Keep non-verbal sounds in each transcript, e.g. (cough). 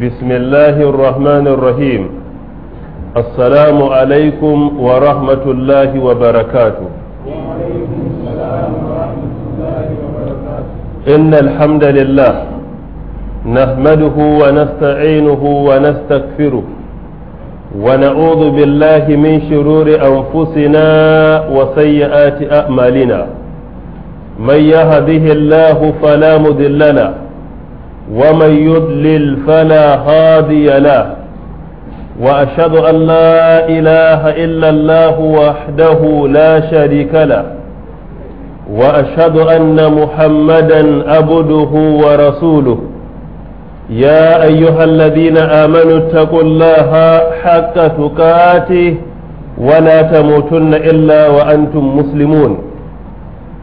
بسم الله الرحمن الرحيم السلام عليكم ورحمة الله وبركاته وعليكم السلام ورحمة الله وبركاته إن الحمد لله نحمده ونستعينه ونستغفره ونعوذ بالله من شرور أنفسنا وسيئات أعمالنا من يهده الله فلا مضل له ومن يضلل فلا هادي له وأشهد أن لا إله إلا الله وحده لا شريك له وأشهد أن محمدا عبده ورسوله يا أيها الذين آمنوا اتقوا الله حق تقاته ولا تموتن إلا وأنتم مسلمون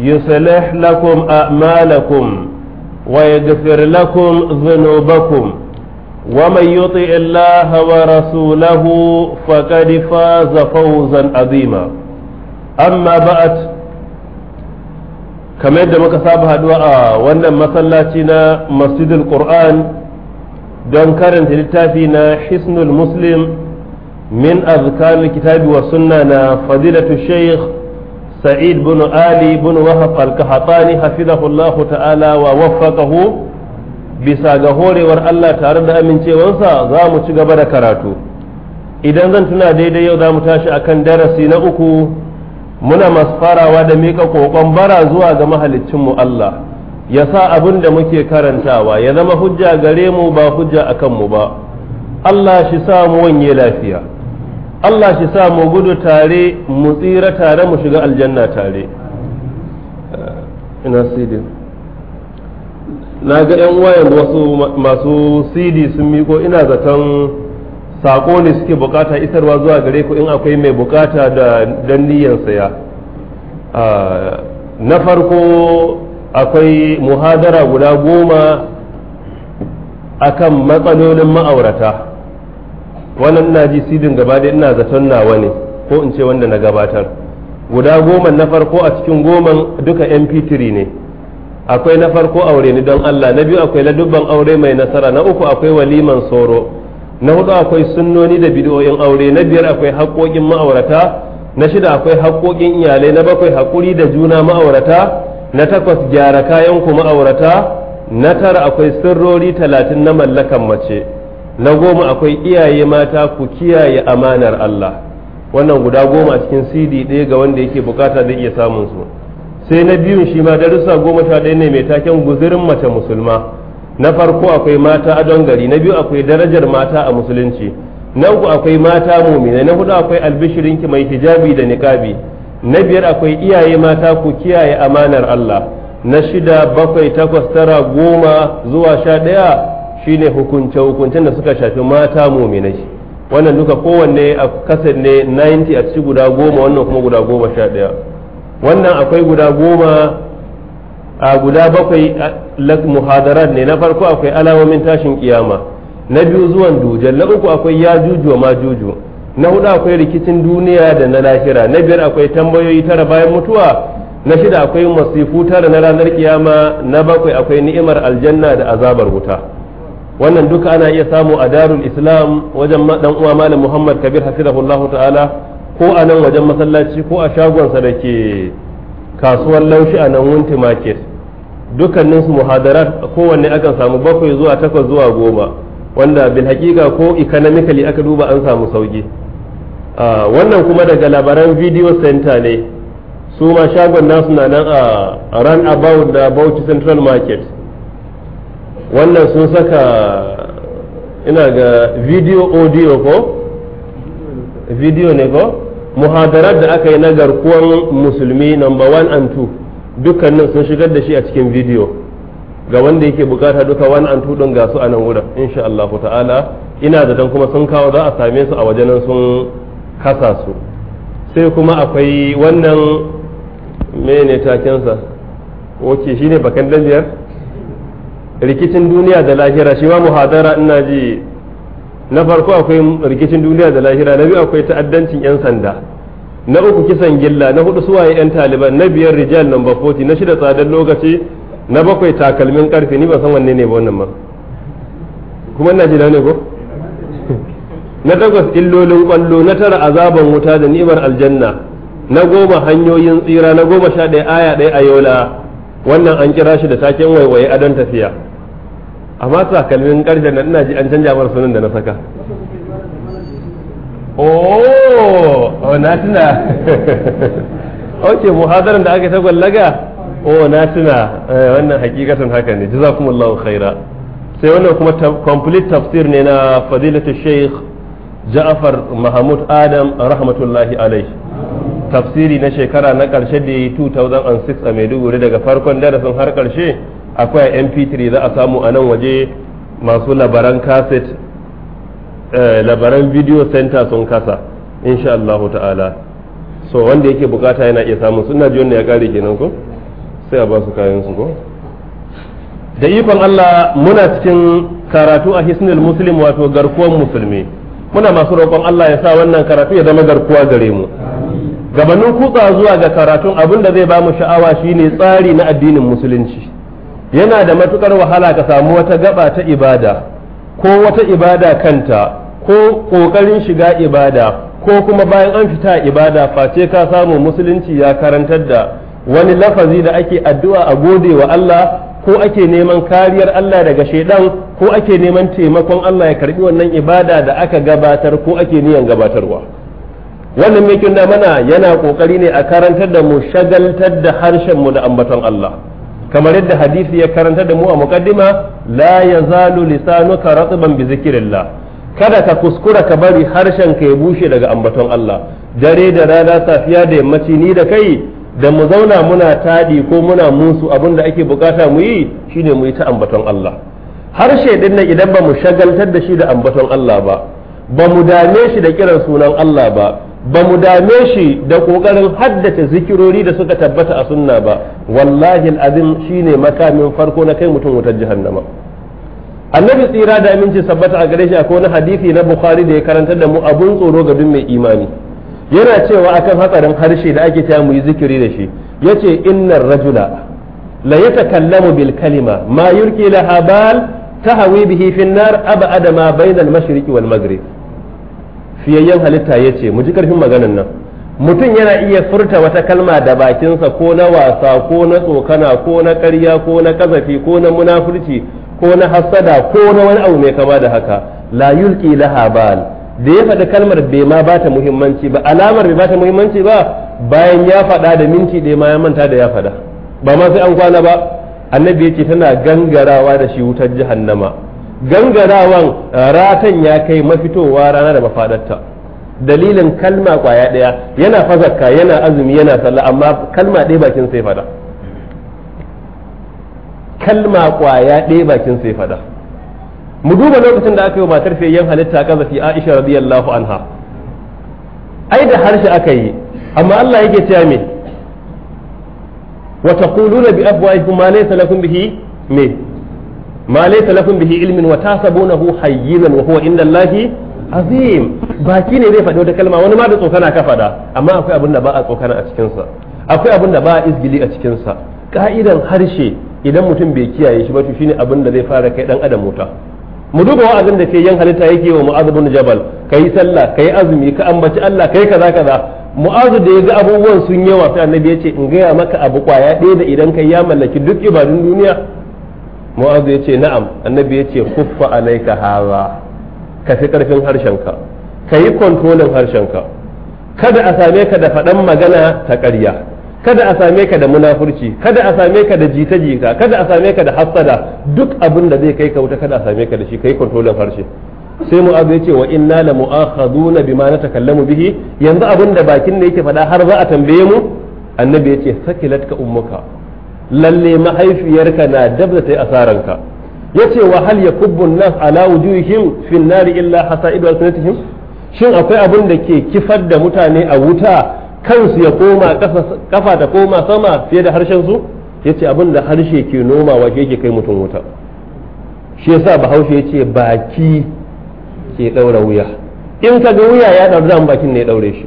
يصلح لكم أعمالكم ويغفر لكم ذنوبكم ومن يطع الله ورسوله فقد فاز فوزا عظيما أما بعد kamar da muka saba haduwa a wannan masallaci na masjidul qur'an don karanta littafi na hisnul muslim min azkarul kitabi wa na fadilatu سعيد بن آلي بن وهب الكهطاني ta'ala wa تعالى ووفقه bisa ga horewar Allah tare da amincewarsa za mu ci gaba da karatu idan zan tuna daidai yau za mu tashi akan darasi na uku muna masu farawa da miƙa kokon bara zuwa ga mahalicinmu Allah ya sa abin da muke karantawa ya zama hujja gare mu ba hujja akan mu ba Allah shi sa mu wanye lafiya Allah shi sa mu gudu tare mu tsira tare mu shiga aljanna tare ina cd na ga yan wayan wasu masu sidi sun miko ina zaton sako ne suke bukata isarwa zuwa gare ku in akwai mai bukata da dan niyyar saya na farko akwai muhadara guda goma akan matsalolin ma'aurata wannan ina ji sidin gaba dai ina zaton nawa ne ko in ce wanda na gabatar guda goma na farko a cikin goman duka mp3 ne akwai na farko aure ni don Allah na biyu akwai ladubban aure mai nasara na uku akwai waliman soro na hudu akwai sunnoni da bidiyoyin aure na biyar akwai haƙoƙin ma'aurata na shida akwai haƙoƙin iyalai na bakwai haƙuri da juna ma'aurata na takwas gyara kayan ku ma'aurata na tara akwai sirrori talatin na mallakan mace na goma akwai iyaye mata ku kiyaye amanar Allah wannan guda goma a cikin cd ɗaya ga wanda yake bukata zai iya samun su sai na biyun shi ma darussa goma sha ɗaya ne mai taken guzirin mace musulma na farko akwai mata adon gari na biyu akwai darajar mata a musulunci na uku akwai mata mumina na hudu akwai albishirin ki mai hijabi da niqabi na biyar akwai iyaye mata ku kiyaye amanar Allah na shida bakwai takwas tara goma zuwa sha ɗaya shine hukunce hukuncen da suka shafi mata shi wannan duka kowanne a kasar ne 90 a ci guda goma wannan kuma guda goma sha ɗaya wannan akwai guda goma a guda bakwai muhadarar ne na farko akwai alamomin tashin kiyama na biyu zuwan dujal na uku akwai ya juju ma juju na hudu akwai rikicin duniya da na lahira na biyar akwai tambayoyi tara bayan mutuwa na shida akwai masifu tara na ranar kiyama na bakwai akwai ni'imar aljanna da azabar wuta wannan duka ana iya samu a darul islam wajen dan uwa malam muhammad kabir hafizahullahu ta'ala ko a nan wajen masallaci ko a shagonsa da ke kasuwar laushi a nan wunti market dukkanin su muhadarat kowanne akan samu bakwai zuwa takwas zuwa goma wanda bil hakika ko economically aka duba an samu sauki wannan kuma daga labaran video center ne su ma shagon nasu na nan a run about da bauchi central market wannan sun saka ina ga video audio ko video ne ko muhadarar da aka yi na garkuwar musulmi number one and two dukkanin sun shigar da shi a cikin video ga wanda yake bukata duka one and two don gasu a nan wurin insha Allah ta'ala ina da dan kuma sun kawo za a same su a wajenan sun kasa su sai kuma akwai wannan mene takensa shi shine bakan biyar rikicin duniya da lahira shi ma muhadara ina ji na farko akwai rikicin duniya da lahira na biyu akwai ta'addancin yan sanda na uku kisan gilla na hudu suwaye yan taliban na biyar rijal number 40 na shida tsadar lokaci na bakwai takalmin karfe ni ba san wanne ne ba wannan ma kuma ina ji da ne ko (laughs) na takwas illolin kwallo na tara azaban wuta da ni'imar aljanna na goma hanyoyin tsira na goma sha ɗaya aya ɗaya a yola wannan an kira shi da taken waiwaye adon tafiya amma takalmin karshen da ina ji an canja mara sunan da na saka oh, oh na tuna (laughs) oke muhadaran da aka ta gwallaga oh na tuna eh, wannan hakikatan haka ne jazakumullahu khaira sai wannan kuma complete tafsir ne na fadilatu sheikh ja'far mahmud adam rahmatullahi alai tafsiri na shekara na karshe da yi 2006 a maiduguri daga farkon darasin har karshe akwai mp3 za a samu a nan waje masu labaran kaset eh, labaran video center sun kasa insha Allah ta'ala so wanda yake bukata yana iya samun suna ji wanda ya kare kenan ko sai a ba su kayan su ko da ikon Allah muna cikin karatu a hisnul muslim wato garkuwar musulmi muna masu roƙon Allah ya sa wannan karatu ya zama garkuwa gare mu gabanin kutsa zuwa ga karatun abin da zai ba mu sha'awa shine tsari na addinin musulunci yana da matukar wahala ka samu wata gaba ta ibada ko wata ibada kanta ko kokarin shiga ibada ko kuma bayan an fita ibada face ka samu musulunci ya karantar da wani lafazi da ake addu'a a gode wa Allah ko ake neman kariyar Allah daga shaidan ko ake neman taimakon Allah ya karbi wannan ibada da aka gabatar ko ake niyan gabatarwa wannan mai da mana yana kokari ne a karantar da mu shagaltar da harshen mu da ambaton Allah kamar yadda hadisi ya karanta da mu a muqaddima la yazalu lisanuka ratban bi zikrillah kada ka kuskura ka bari harshen ka ya bushe daga ambaton Allah dare da rana safiya da yammaci ni da kai da mu zauna muna tadi ko muna musu abinda ake bukata mu yi shine mu yi ta ambaton Allah harshe din nan idan ba mu shagaltar da shi da ambaton Allah ba ba mu dame shi da kiran sunan Allah ba ba mu dame shi da ƙoƙarin haddace zikirori da suka tabbata a sunna ba wallahi azim shine makamin farko na kai mutum wutar jahannama annabi tsira da aminci sabbata a gare shi akwai wani hadisi na bukhari da ya karantar da mu abun tsoro ga duk mai imani yana cewa akan hatsarin harshe da ake cewa mu yi zikiri da shi yace innar rajula la yatakallamu bil kalima ma yurki laha bal tahawi bihi fin nar abada ma bainal mashriqi wal maghrib fiyayyen halitta ya ce mu ji karfin maganan nan mutum yana iya furta wata kalma da bakinsa ko na wasa ko na tsokana ko na karya ko na kazafi ko na munafurci ko na hassada ko na wani abu mai kama da haka la yulki laha bal da ya faɗi kalmar bai ma ta muhimmanci ba alamar bai bata muhimmanci ba bayan ya faɗa da minti ɗaya ma ya manta da ya faɗa ba ma sai an kwana ba annabi yake tana gangarawa da shi wutar jahannama gangarawan eh, ratan ya kai mafitowa rana da mafadarta dalilin kalma kwaya daya yana fazakka yana azumi yana sallah amma kalma ɗaya bakin sai fada kalma kwaya ɗaya bakin sai fada mu duba lokacin da aka yi matar yan halitta zafi Aisha radiyallahu anha ai da harshe aka yi amma Allah yake cewa me wa taquluna bi afwahikum ma laysa lakum bihi me ma laysa lakum bihi ilmin wa tasabunahu hayyinan wa huwa inda Allahi azim baki ne zai faɗi wata kalma wani ma da tsokana ka faɗa amma akwai abin da ba a tsokana a cikin sa akwai abin da ba a izgili a cikin sa ka'idan harshe idan mutum bai kiyaye shi ba to shine abin da zai fara kai dan adam wuta mu duba wa'azin da ke yan halitta yake wa mu'adh bin jabal kai sallah kai azumi ka ambaci Allah kai kaza kaza mu'azu da ya ga abubuwan sun yawa sai annabi ya ce in gaya maka abu kwaya ɗaya da idan kai ya mallaki duk ibadun duniya mu'azu ya ce na'am annabi ya ce kuffa alaika haza ka fi karfin harshenka ka yi kontrolin harshenka kada a same ka da faɗan magana ta ƙarya kada a same ka da munafurci kada a same ka da jita-jita kada a same ka da hassada duk abin da zai kai ka wuta kada a same ka da shi kai kontrolin harshe sai mu'azu ya ce wa inna la mu'akhaduna bima natakallamu bihi yanzu abin da bakin ne yake faɗa har za a tambaye mu annabi ya ce sakilatka ummuka lalle mahaifiyarka na dab da ta yi asaranka yace wa hal yakubbu nas ala wujuhihim fin nari illa hasaidu alsinatihim shin akwai abin da ke kifar da mutane a wuta kansu ya koma kafa ta koma sama fiye da harshen su yace abin da harshe ke nomawa ke yake kai mutum wuta shi yasa bahaushe yace baki ke daura wuya in ka ga wuya ya daura bakin ne ya daure shi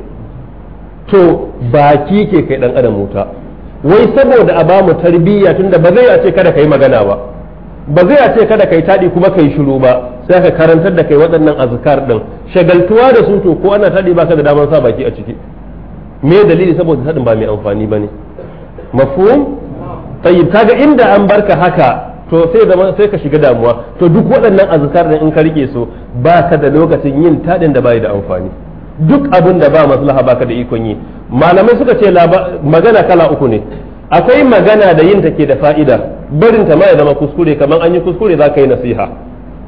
to baki ke kai dan adam wuta wai saboda a ba mu tarbiyya tunda ba zai a ce kada kai magana ba ba zai a ce kada kai tadi kuma ka yi shiru ba sai ka karantar da kai waɗannan azkar din shagaltuwa da su to ko ana tadi ka da damar sa baki a ciki me dalili saboda tadin ba mai amfani bane mafhum tayyib kaga inda an barka haka to sai zama sai ka shiga damuwa to duk waɗannan azkar din in ka rike su ka da lokacin yin taɗin da bai da amfani duk abin da ba maslaha baka da ikon yi malamai suka ce magana kala uku ne akwai magana da yin take da fa'ida barin ta ma ya zama kuskure kamar an yi kuskure za ka yi nasiha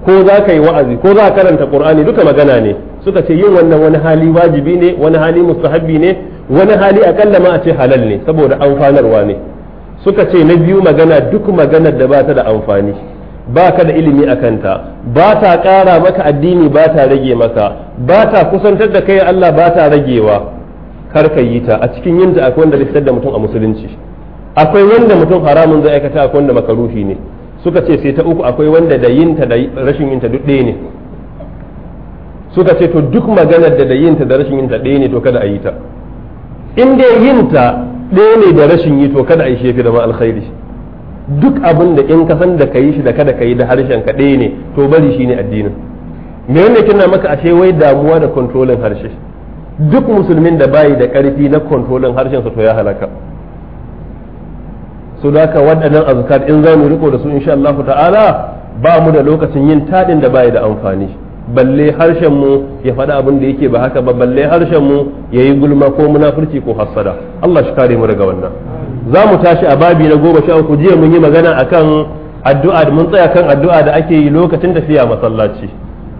ko za ka yi wa'azi ko za ka karanta qur'ani duka magana ne suka ce yin wannan wani hali wajibi ne wani hali mustahabbi ne wani hali akalla ma a ce halal ne saboda amfanarwa ne suka ce na biyu magana duk maganar da ba ta da amfani ba ka da ilimi a kanta ba ta ƙara maka addini ba ta rage maka ba ta kusantar da kai Allah ba ta ragewa kar ka yi ta a cikin yin ta akwai wanda zai fitar da mutum a musulunci akwai wanda mutum haramun zai aikata akwai wanda makaruhi ne suka ce sai ta uku akwai wanda da yin ta da rashin yin ta duk ɗaya ne suka ce to duk maganar da da yin ta da rashin yin ta ɗaya ne to kada a yi ta in dai yin ta ɗaya ne da rashin yi to kada a yi shi da ma alkhairi duk abin da in ka san da ka yi shi da kada ka yi da harshen ka ɗaya ne to bari shi ne addinin me wanda kina maka ashe wai damuwa da kontrolin harshe duk musulmin da bayi da karfi na kontrolin harshen su to ya halaka so da ka waɗannan azkar in za mu riko da su insha Allah ta'ala ba mu da lokacin yin tadin da bayi da amfani balle harshen mu ya faɗi abin da yake ba haka ba balle harshen mu yayi gulma ko munafurci ko hassada Allah shi kare mu daga wannan za mu tashi a babi na goma sha uku jiya mun yi magana akan addu'a mun tsaya kan addu'a da ake yi lokacin tafiya masallaci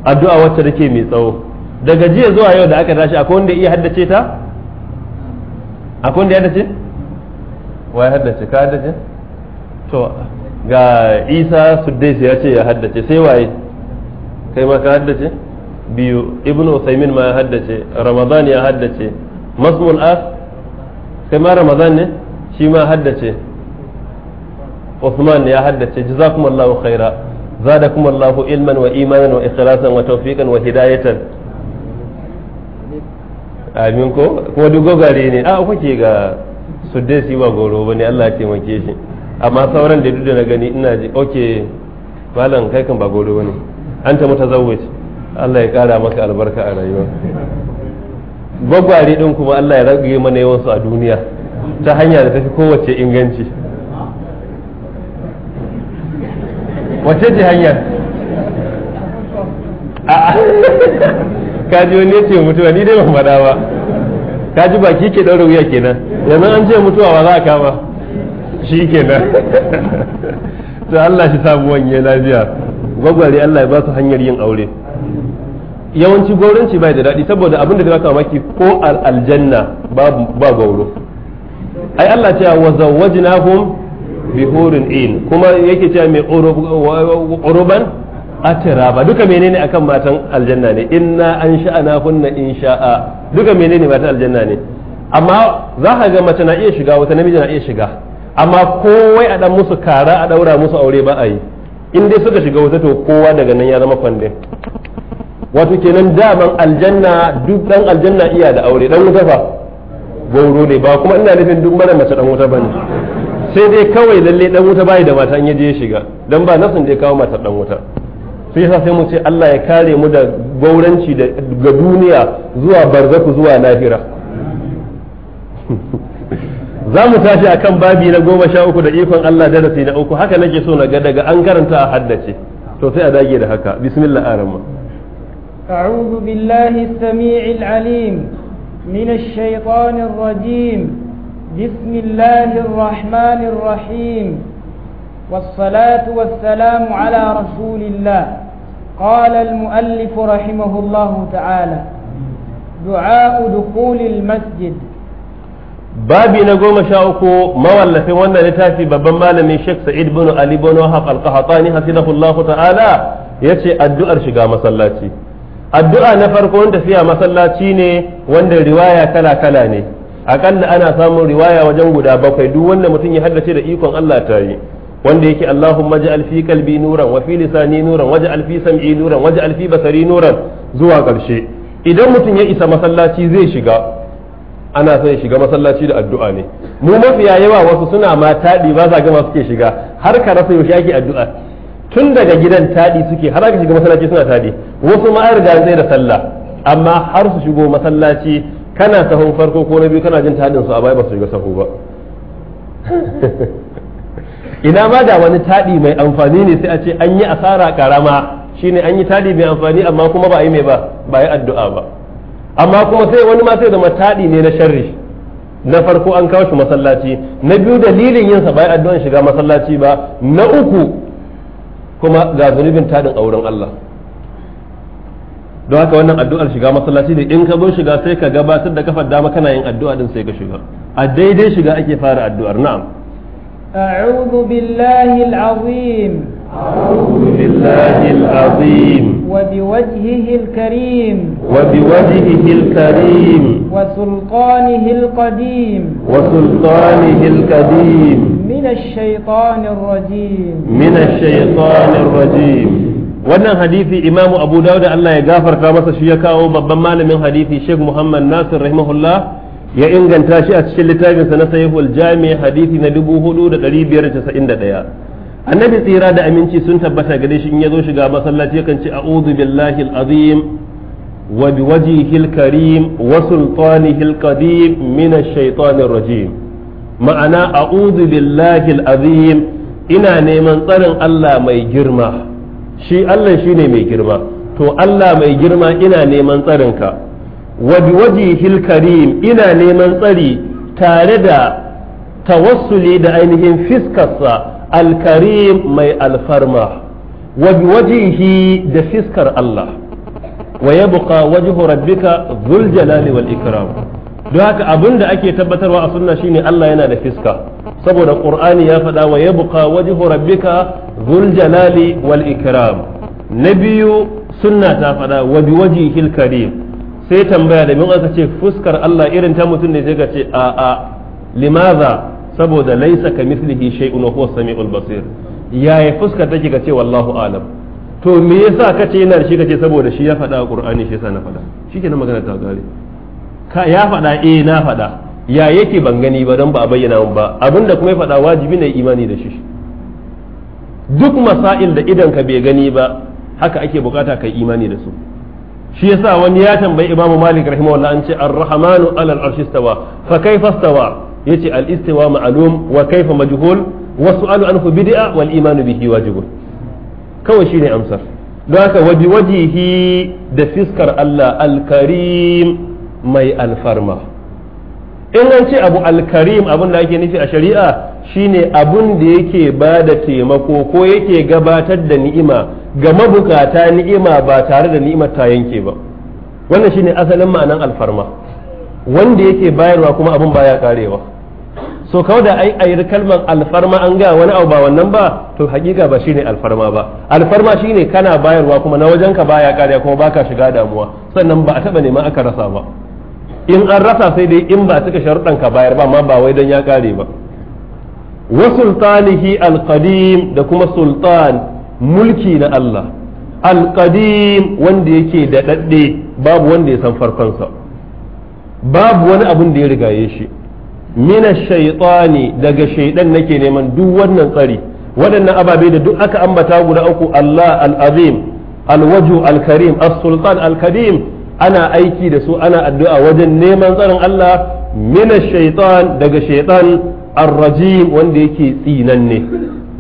addu'a wacce take mai tsawo daga jiya zuwa yau da aka tashi akwai wanda iya haddace ta akwai wanda ya haddace wa ya haddace ka haddace to ga isa suddais ya ce ya haddace sai waye kai ma ka haddace biyu ibnu usaimin ma ya haddace ramadan ya haddace masmul as kai ma ramadan ne shi ma haddace usman ya haddace jazakumullahu khaira zadakumullahu ilman wa imanan wa ikhlasan wa tawfiqan wa hidayatan amin ko kuma duk gogare ne a kuke ga suddesi ba goro ne Allah ya taimake shi amma sauran da duk da na gani ina ji okay malam kai kan ba goro bane an ta mutazawwij Allah ya kara maka albarka a rayuwa gwagware din kuma Allah ya rage mana yawan su a duniya ta hanya da tafi kowace inganci wace ce hanya (laughs) ka ji wani yace mutuwa ni dai ban faɗa ba ka ji baki ke ɗaura wuya kenan yanzu an ce mutuwa ba za a kama shi kenan to Allah shi samu wanye lafiya gwagware Allah ya ba su hanyar yin aure yawanci gauranci bai da daɗi saboda abin da zai ka maki ko aljanna ba gauro ai Allah ce wa zawwajnahum bi hurin in kuma yake cewa mai uruban atira ba duka menene akan matan aljanna ne inna an sha'ana kunna in sha'a duka menene matan aljanna ne amma za ka ga mace na iya shiga wata namiji na iya shiga amma kowai a dan musu kara a daura musu aure ba a yi in dai suka shiga wata to kowa daga nan ya zama kwande. wato kenan daman aljanna duk dan aljanna iya da aure dan wuta fa gauro ne ba kuma ina nufin duk mana mace dan wuta bane sai dai kawai lalle dan wuta bai da mata an yaje shiga dan ba nasin dai kawo mata dan wuta sai yasa sai mu ce Allah ya kare mu da gauranci ga duniya zuwa barzaku zuwa lahira (laughs) za mu tashi kan babi na goma sha uku da ikon Allah darasi na uku haka nake so na ga daga an karanta a haddace to sai a dage da haka bismillah arama أعوذ بالله السميع العليم من الشيطان الرجيم بسم الله الرحمن الرحيم والصلاة والسلام ala رسول الله قال المؤلف رحمه الله تعالى دعاء دخول المسجد babi na goma sha uku mawallafin wannan littafi babban malamin Sheikh Sa'id bin Ali bin Wahab al-Qahtani hafizahullahu ta'ala yace addu'ar shiga masallaci addu'a na farko wanda fiya masallaci ne wanda riwaya kala kala ne akalla ana samun riwaya wajen guda bakwai duk wanda mutum ya haddace da ikon Allah ta yi wanda yake Allahumma ja'al fi qalbi nuran wa fi lisani nuran ja'al fi sam'i nuran ja'al fi basari nuran zuwa ƙarshe idan mutum ya isa masallaci zai shiga ana son ya shiga masallaci da addu'a ne mu mafiya yawa wasu suna ma taɗi ba sa gama suke shiga har ka rasa yaushe ake addu'a tun daga gidan taɗi suke har aka shiga masallaci suna taɗi wasu ma riga zai da sallah amma har su shigo masallaci kana sahun farko ko na biyu kana jin taɗin su a baya ba su shiga sahu ba (laughs) ina ma da wani taɗi mai amfani ne sai a ce an yi asara karama shine an yi taɗi mai amfani amma kuma ba a yi mai ba ba yi addu'a ba amma kuma sai wani ma sai zama taɗi ne na sharri na farko an kawo shi masallaci na biyu dalilin yinsa ba yi addu'an shiga masallaci ba na uku kuma ga zunubin taɗin auren Allah don haka wannan addu'ar shiga masallaci ne in ka zo shiga sai ka gabatar da kafar dama kana yin addu'a din sai ka shiga a daidai shiga ake fara addu'ar na'am أعوذ بالله العظيم أعوذ بالله العظيم وبوجهه الكريم وبوجهه الكريم وسلطانه القديم وسلطانه القديم من الشيطان الرجيم من الشيطان الرجيم wannan hadisi imamu abu dawud Allah ya gafarta masa shi ya kawo babban malamin hadisi sheikh muhammad nasir rahimahullah ya inganta shi a cikin littafinsa na sahihul jami hadisi na 4591 annabi tsira da aminci sun tabbata gare shi in ya zo shiga masallaci yakan ce a'udhu billahi al-azim wa biwajhihi al-karim wa sultanihi al-qadim min ash-shaytanir rajim ma'ana a'udhu billahi al-azim ina neman tsarin Allah mai girma shi Allah shine mai girma to Allah mai girma ina neman tsarinka wa biwajihil ina neman tsari tare da tawassuli da ainihin fiskarsa alkarim mai alfarma wa biwajihi da fiskar Allah wa yabqa wajhu rabbika dhul jalali wal ikram don haka abinda da ake tabbatarwa a sunna shine Allah yana da fiska saboda qur'ani ya faɗa wa yabqa wajhu rabbika dhul jalali wal ikram na biyu sunna ta faɗa wa biwajihil sai tambaya da mun aka ce fuskar Allah irin ta mutum ne sai ka ce a a limaza saboda laisa ka mislihi shay'un wa huwa samiul basir yaya fuskar take ka ce wallahu alam to me yasa ka ce yana da shi ka ce saboda shi ya faɗa a Qur'ani shi yasa na faɗa shikenan magana ta gare ka ya faɗa eh na faɗa ya yake ban gani ba don ba a bayyana mun ba abinda kuma ya faɗa wajibi ne imani da shi duk masail da idan ka bai gani ba haka ake bukata kai imani da su shi yasa wani ya tambayi Imam Malik rahimahullah an ce ar-rahmanu ala al-arshi istawa fa kayfa istawa yace al-istiwa ma'lum wa kayfa majhul wa su'alu anhu bid'a wal imanu bihi wajibun kawai shine amsar don haka waji wajihi da fiskar Allah al-karim mai alfarma in an ce abu al-karim abin da ake nufi a shari'a shine abun da yake ba da taimako ko yake gabatar da ni'ima ga mabukata ni'ima ba tare da ni'imar ta yanke ba wannan shine asalin ma'anan alfarma wanda yake bayarwa kuma abun baya karewa so kawo da ai ayir kalmar alfarma an ga wani abu ba wannan ba to hakika ba shine alfarma ba alfarma shine kana bayarwa kuma na wajenka baya karewa kuma baka shiga damuwa sannan ba a taba neman aka rasa ba in an rasa sai dai in ba suka sharuɗan ka bayar ba ma ba wai dan ya kare ba wa sultanihi alqadim da kuma sultan mulki na Allah alqadim wanda yake da dadde babu wanda ya san farkonsa babu wani abun da ya rigaye shi mina shaitani daga shaidan nake neman duk wannan tsari waɗannan ababe da duk aka ambata guda uku Allah al-azim al-waju al-karim as-sultan al-karim ana aiki da su ana addu'a wajen neman tsarin Allah mina shaitan daga shaitan الرجيم wanda yake tsinanne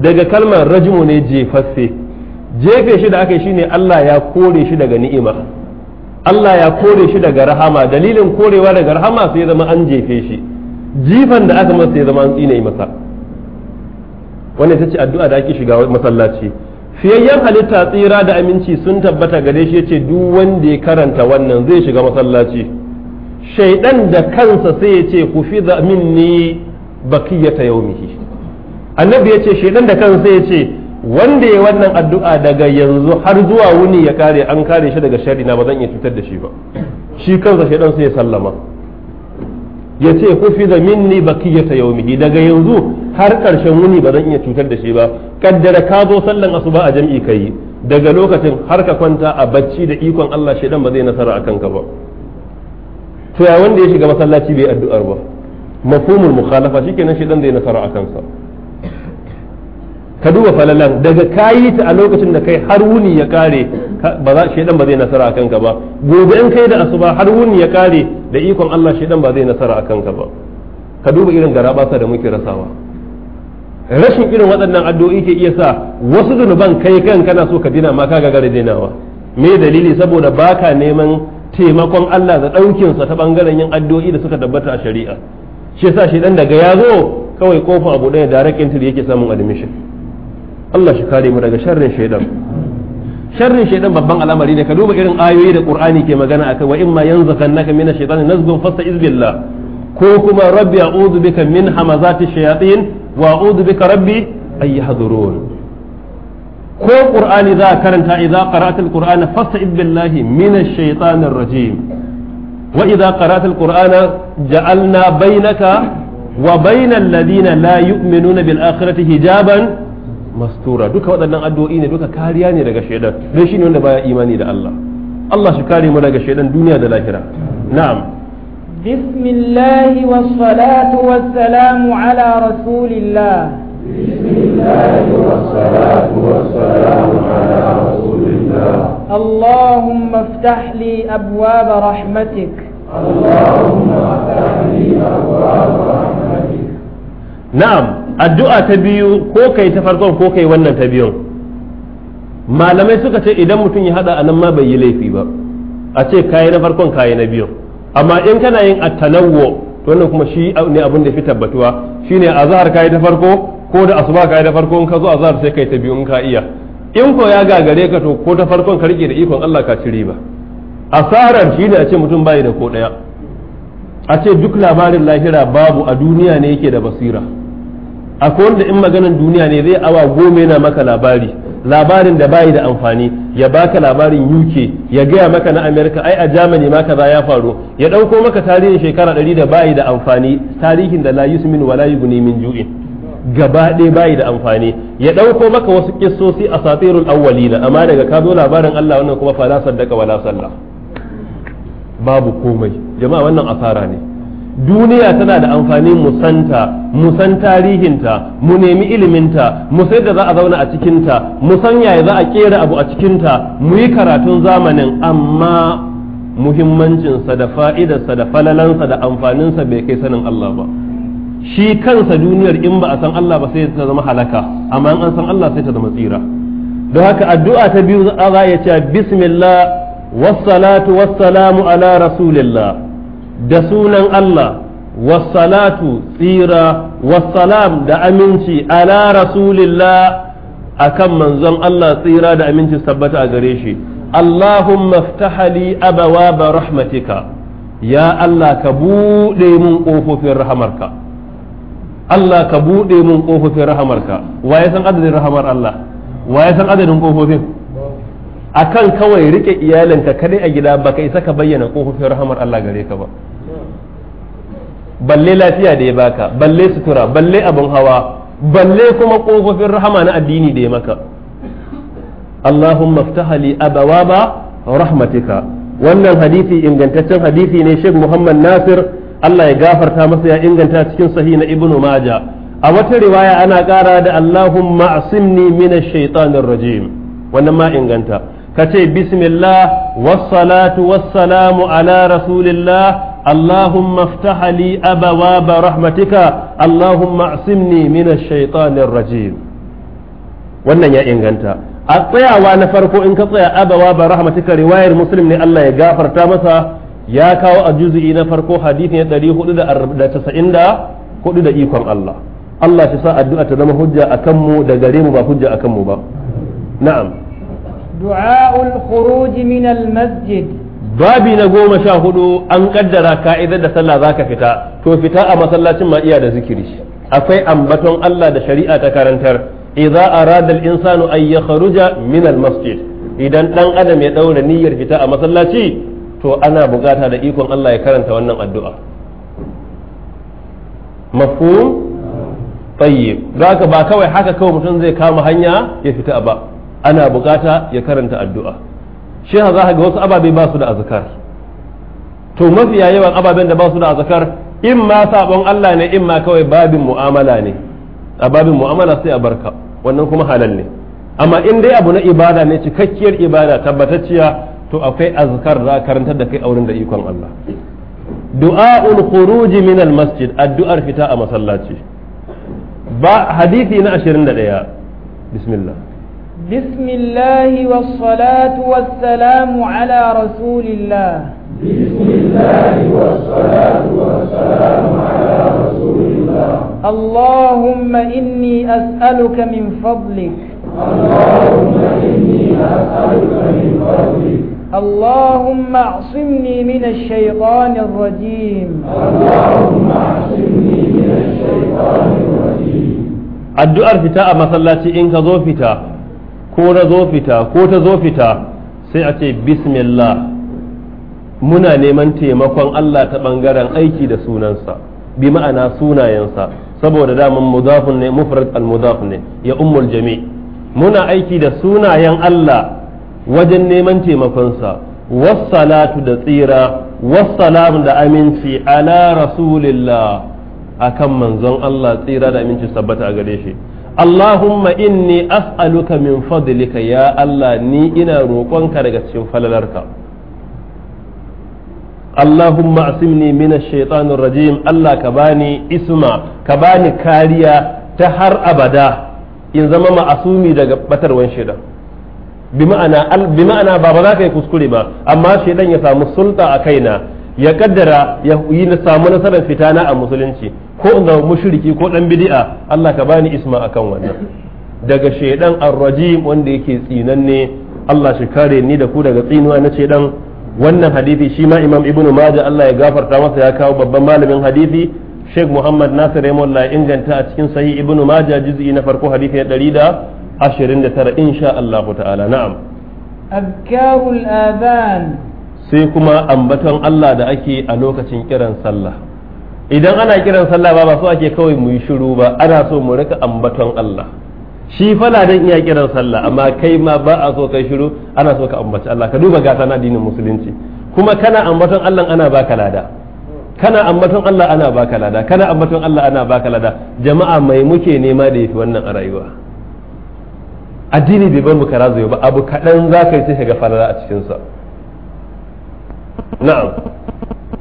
daga kalmar rajmu ne jefasse jefe shi da aka yi shine Allah ya kore shi daga ni'ima Allah ya kore shi daga rahama dalilin korewa daga rahama sai zama an jefe shi jifan da aka masa ya zama an tsine masa wannan ita ce addu'a da ake shiga masallaci fiyayyen halitta tsira da aminci sun tabbata gare shi yace duk wanda ya karanta wannan zai shiga masallaci shaidan da kansa sai ya ce ku fi minni bakiyata yaumihi annabi ya ce shedan da kansa ya ce wanda ya wannan addu'a daga yanzu har zuwa wuni ya kare an kare shi daga sharri na ba zan iya cutar da shi ba shi kansa shedan sai ya sallama ya ce da minni bakiyata yaumihi daga yanzu har karshen wuni ba zan iya cutar da shi ba kaddara ka zo sallan asuba a jam'i kai daga lokacin har ka kwanta a bacci da ikon Allah shedan ba zai nasara akan ka ba to ya wanda ya shiga masallaci bai addu'ar ba mafhumul mukhalafa shikenan da zai nasara a kansa ka duba falalan daga kayi ta a lokacin da kai har wuni ya kare ba za ba zai nasara a kanka ba gobe in kai da asuba har wuni ya kare da ikon Allah shi dan ba zai nasara a kanka ba ka duba irin sa da muke rasawa rashin irin waɗannan addu'o'i ke iya sa wasu zunuban kai kan kana so ka dina ma ka gare dinawa me dalili saboda baka neman taimakon Allah da ɗaukinsa ta bangaren yin addu'o'i da suka tabbata a shari'a shi yasa shi dan daga ya zo kawai kofin abu ɗaya direct entry yake samun admission Allah shi kare mu daga sharrin shaidan sharrin shaidan babban al'amari ne ka duba irin ayoyi da qur'ani ke magana akai wa imma yanzakannaka min ash-shaytani nazghun fasta'iz billah ko kuma rabbi a'udhu bika min hamazati shayatin wa a'udhu bika rabbi ay yahdurun ko qur'ani za karanta idza qara'ta al-qur'ana fasta'iz billahi min ash-shaytanir rajim wa idza qara'ta alqur'ana ja'alna bainaka wa baina ladina la yu'minuna bil akhirati hijaban mastura duka waɗannan addu'o'i ne duka kariya ne daga shaidan dai shine wanda baya imani da Allah Allah kare mu daga shaidan duniya da lahira na'am بسم الله والصلاة والسلام على رسول الله بسم الله والصلاة والسلام على رسول الله اللهم افتح لي أبواب رحمتك اللهم افتح لي أبواب رحمتك addu'a ta biyu ko kai ta farkon ko kai wannan ta biyun malamai suka ce idan mutum ya hada anan ma bai yi laifi ba a ce kai na farkon kai na biyun amma in kana yin attanawwo to wannan kuma shi ne abin da fi tabbatuwa shine azhar kai ta farko ko da asuba kai ta farko in ka zo azhar sai kai ta biyu in ka iya in ko ya gagare ka to ko ta farkon ka rike da ikon Allah ka ci riba asarar ne a ce mutum bai da ko daya a ce duk labarin lahira babu a duniya ne yake da basira akwai wanda in maganan duniya ne zai awa goma yana maka labari labarin da bai da amfani ya baka labarin UK ya gaya maka na america ai a Germany ma kaza ya faru ya dauko maka tarihin shekara 100 da bai da amfani tarihin da la yusminu wala yughni min ju'in gaba ɗaya bayi da amfani ya ɗauko maka wasu kissosi a satirul awwalina amma daga ka zo labarin Allah wannan kuma fala sadaka wala sallah babu komai jama'a wannan asara ne duniya tana da amfani musanta musan tarihinta mu nemi iliminta mu sai da za a zauna a cikinta mu san yaya za a kera abu a cikinta mu yi karatun zamanin amma muhimmancinsa da fa'idarsa da falalansa da amfaninsa bai kai sanin Allah ba shi kansa duniyar in ba a san Allah ba sai ta zama halaka amma in an san Allah sai ta zama tsira don haka addu'a ta biyu za ya ce bismillah wassalatu wassalamu ala rasulillah da sunan Allah wassalatu tsira wassalam da aminci ala rasulillah akan manzon Allah tsira da aminci tabbata a gare shi Allahumma ftahali abawaba rahmatika ya Allah ka buɗe mun ƙofofin rahamarka Allah ka buɗe mun ƙofofin rahamarka wa ya san adadin rahamar Allah wa ya san adadin ƙofofin akan kawai rike iyalinka kadai a gida baka isa ka bayyana ƙofofin rahamar Allah gare ka ba balle lafiya da ya baka balle sutura balle abin hawa balle kuma ƙofofin rahama na addini da ya maka Allahumma ftahali abawaba rahmatika wannan hadisi ingantaccen hadisi ne Sheikh Muhammad Nasir Allah ya gafarta masa ya inganta cikin sahi na Ibn Maja a wata riwaya ana kara da Allahumma asimni minash shaitanir rajim wannan ma inganta kace bismillah wassalatu salamu ala rasulillah اللهم افتح لي أبواب رحمتك اللهم اعصمني من الشيطان الرجيم wannan ya inganta a tsayawa na farko in ka tsaya abawa ba rahmatika riwayar muslim ne Allah ya gafarta masa ya kawo a juzu'i na farko hadisi ɗari 494 da ikon Allah Allah ta sa addu'a ta zama hujja a kanmu da gare mu ba hujja a kanmu ba na'am du'a'ul khuruj min al-masjid babi na goma sha hudu an kaddara ka'idar da sallah zaka fita to fita a masallacin ma iya da zikiri akwai ambaton Allah da shari'a ta karantar idza arada al-insanu an yakhruja min al-masjid idan dan adam ya daura niyyar fita a masallaci to ana bukata da ikon Allah ya karanta wannan addu'a mafhum tayyib zaka ba kawai haka kawai mutum zai kama hanya ya fita ba ana bukata ya karanta addu'a shi za ga wasu ababe ba su da azkar to mafiya yawan ababen da ba su da azkar in ma sabon Allah ne in ma kawai babin mu'amala ne a babin mu'amala sai a barka wannan kuma halal ne amma in dai abu na ibada ne cikakkiyar ibada tabbatacciya to akwai azkar za a karantar da kai a wurin da ikon Allah du'a'ul khuruji min al masjid addu'ar fita a masallaci ba hadisi na 21 bismillah بسم الله والصلاة والسلام على رسول الله بسم الله والصلاة والسلام على رسول الله اللهم إني أسألك من فضلك اللهم إني أسألك من فضلك اللهم اعصمني من الشيطان الرجيم اللهم اعصمني من الشيطان الرجيم addu'ar fita a masallaci in ka zo fita ko na zo fita ko ta zo fita sai a ce muna neman taimakon Allah ta ɓangaren aiki da sunansa bi ma'ana sunayensa saboda daman mudafun ne mufrad al mudaf ne ya ummul jami muna aiki da sunayen Allah wajen neman taimakonsa wassalatu da tsira wassalamu da aminci ala rasulillah akan manzon Allah tsira da aminci sabbata a gare shi Allahumma inni as'aluka min fadlika ya Allah ni ina roƙonka daga cikin falalarka Allahumma asimni min ash-shaytanir rajim Allah ka bani isma ka bani kariya ta har abada in zama ma'asumi daga batarwan shaitan bi ma'ana ba ba za ka yi kuskure ba amma shaidan ya samu sulta a kaina ya kaddara ya yi na samu nasarar fitana a musulunci ko in zama mushriki ko dan bid'a Allah ka bani isma akan wannan daga shaidan ar-rajim wanda yake tsinanne Allah shi kare ni da ku daga tsinuwa na shaidan wannan hadisi shi ma Imam ibnu Majah Allah ya gafarta masa ya kawo babban malamin hadisi Sheikh Muhammad Nasir Rahimahullah inganta a cikin sahih ibnu Majah juz'i na farko hadisi na ashirin da tara insha Allah ta'ala na'am azkarul adhan sai kuma ambaton Allah da ake a lokacin kiran sallah idan ana kiran sallah ba ba so ake kawai mu yi shiru ba ana so mu rika ambaton Allah shi fala dan iya kiran sallah amma kai ma ba a so kai shiru ana so ka ambaci Allah ka duba gata na addinin musulunci kuma kana ambaton Allah ana baka lada kana ambaton Allah ana baka lada kana ambaton Allah ana baka lada jama'a mai muke nema da yafi wannan a rayuwa addini bai bar mu ka ba abu kadan za ka yi sa shi ka fara a cikinsa na'am.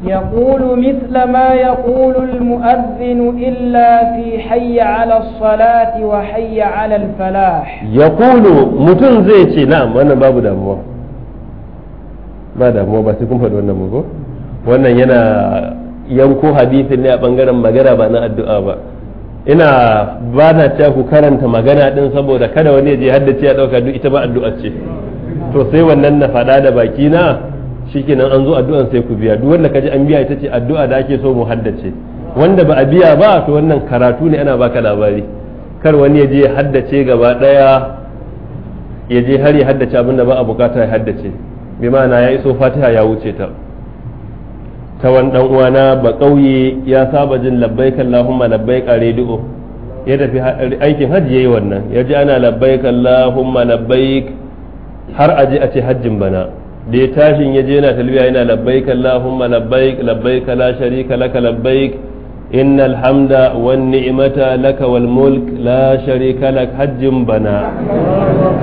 ya kulu musulma ya kulun mu'azinu illa fi hayye calar salati wa hayya calar falash. ya kulu mutum zai ce na'am wannan babu damuwa ba damuwa ba sai kun faɗi wannan mu ba wannan yana yanko hadifin ne a bangaren bagara ba na addu'a ba. ina ba na cewa ku karanta magana din saboda kada wani ya je haddace ya dauka duk ita ba addu'a ce to sai wannan na fada da baki na shikenan an zo addu'an sai ku biya duk wanda kaji an biya ita ce addu'a da ake so mu haddace wanda ba a biya ba to wannan karatu ne ana baka labari kar wani ya je ya haddace gaba daya ya je har ya haddace abin da ba a bukata ya haddace bi ma'ana ya iso fatiha ya wuce ta ta wani ɗan uwana ba kauye ya saba jin labbaik Allahumma labbaik a rediyo ya tafi aikin hajji ya yi wannan ya ji ana labbaik Allahumma labbaik har a je a ce hajjin bana da ya tashin ya je yana talbiya yana labbaik Allahumma labbaik labbaik la sharika laka labbaik inna alhamda wa ni'mata laka wal mulk la sharika lak hajjin bana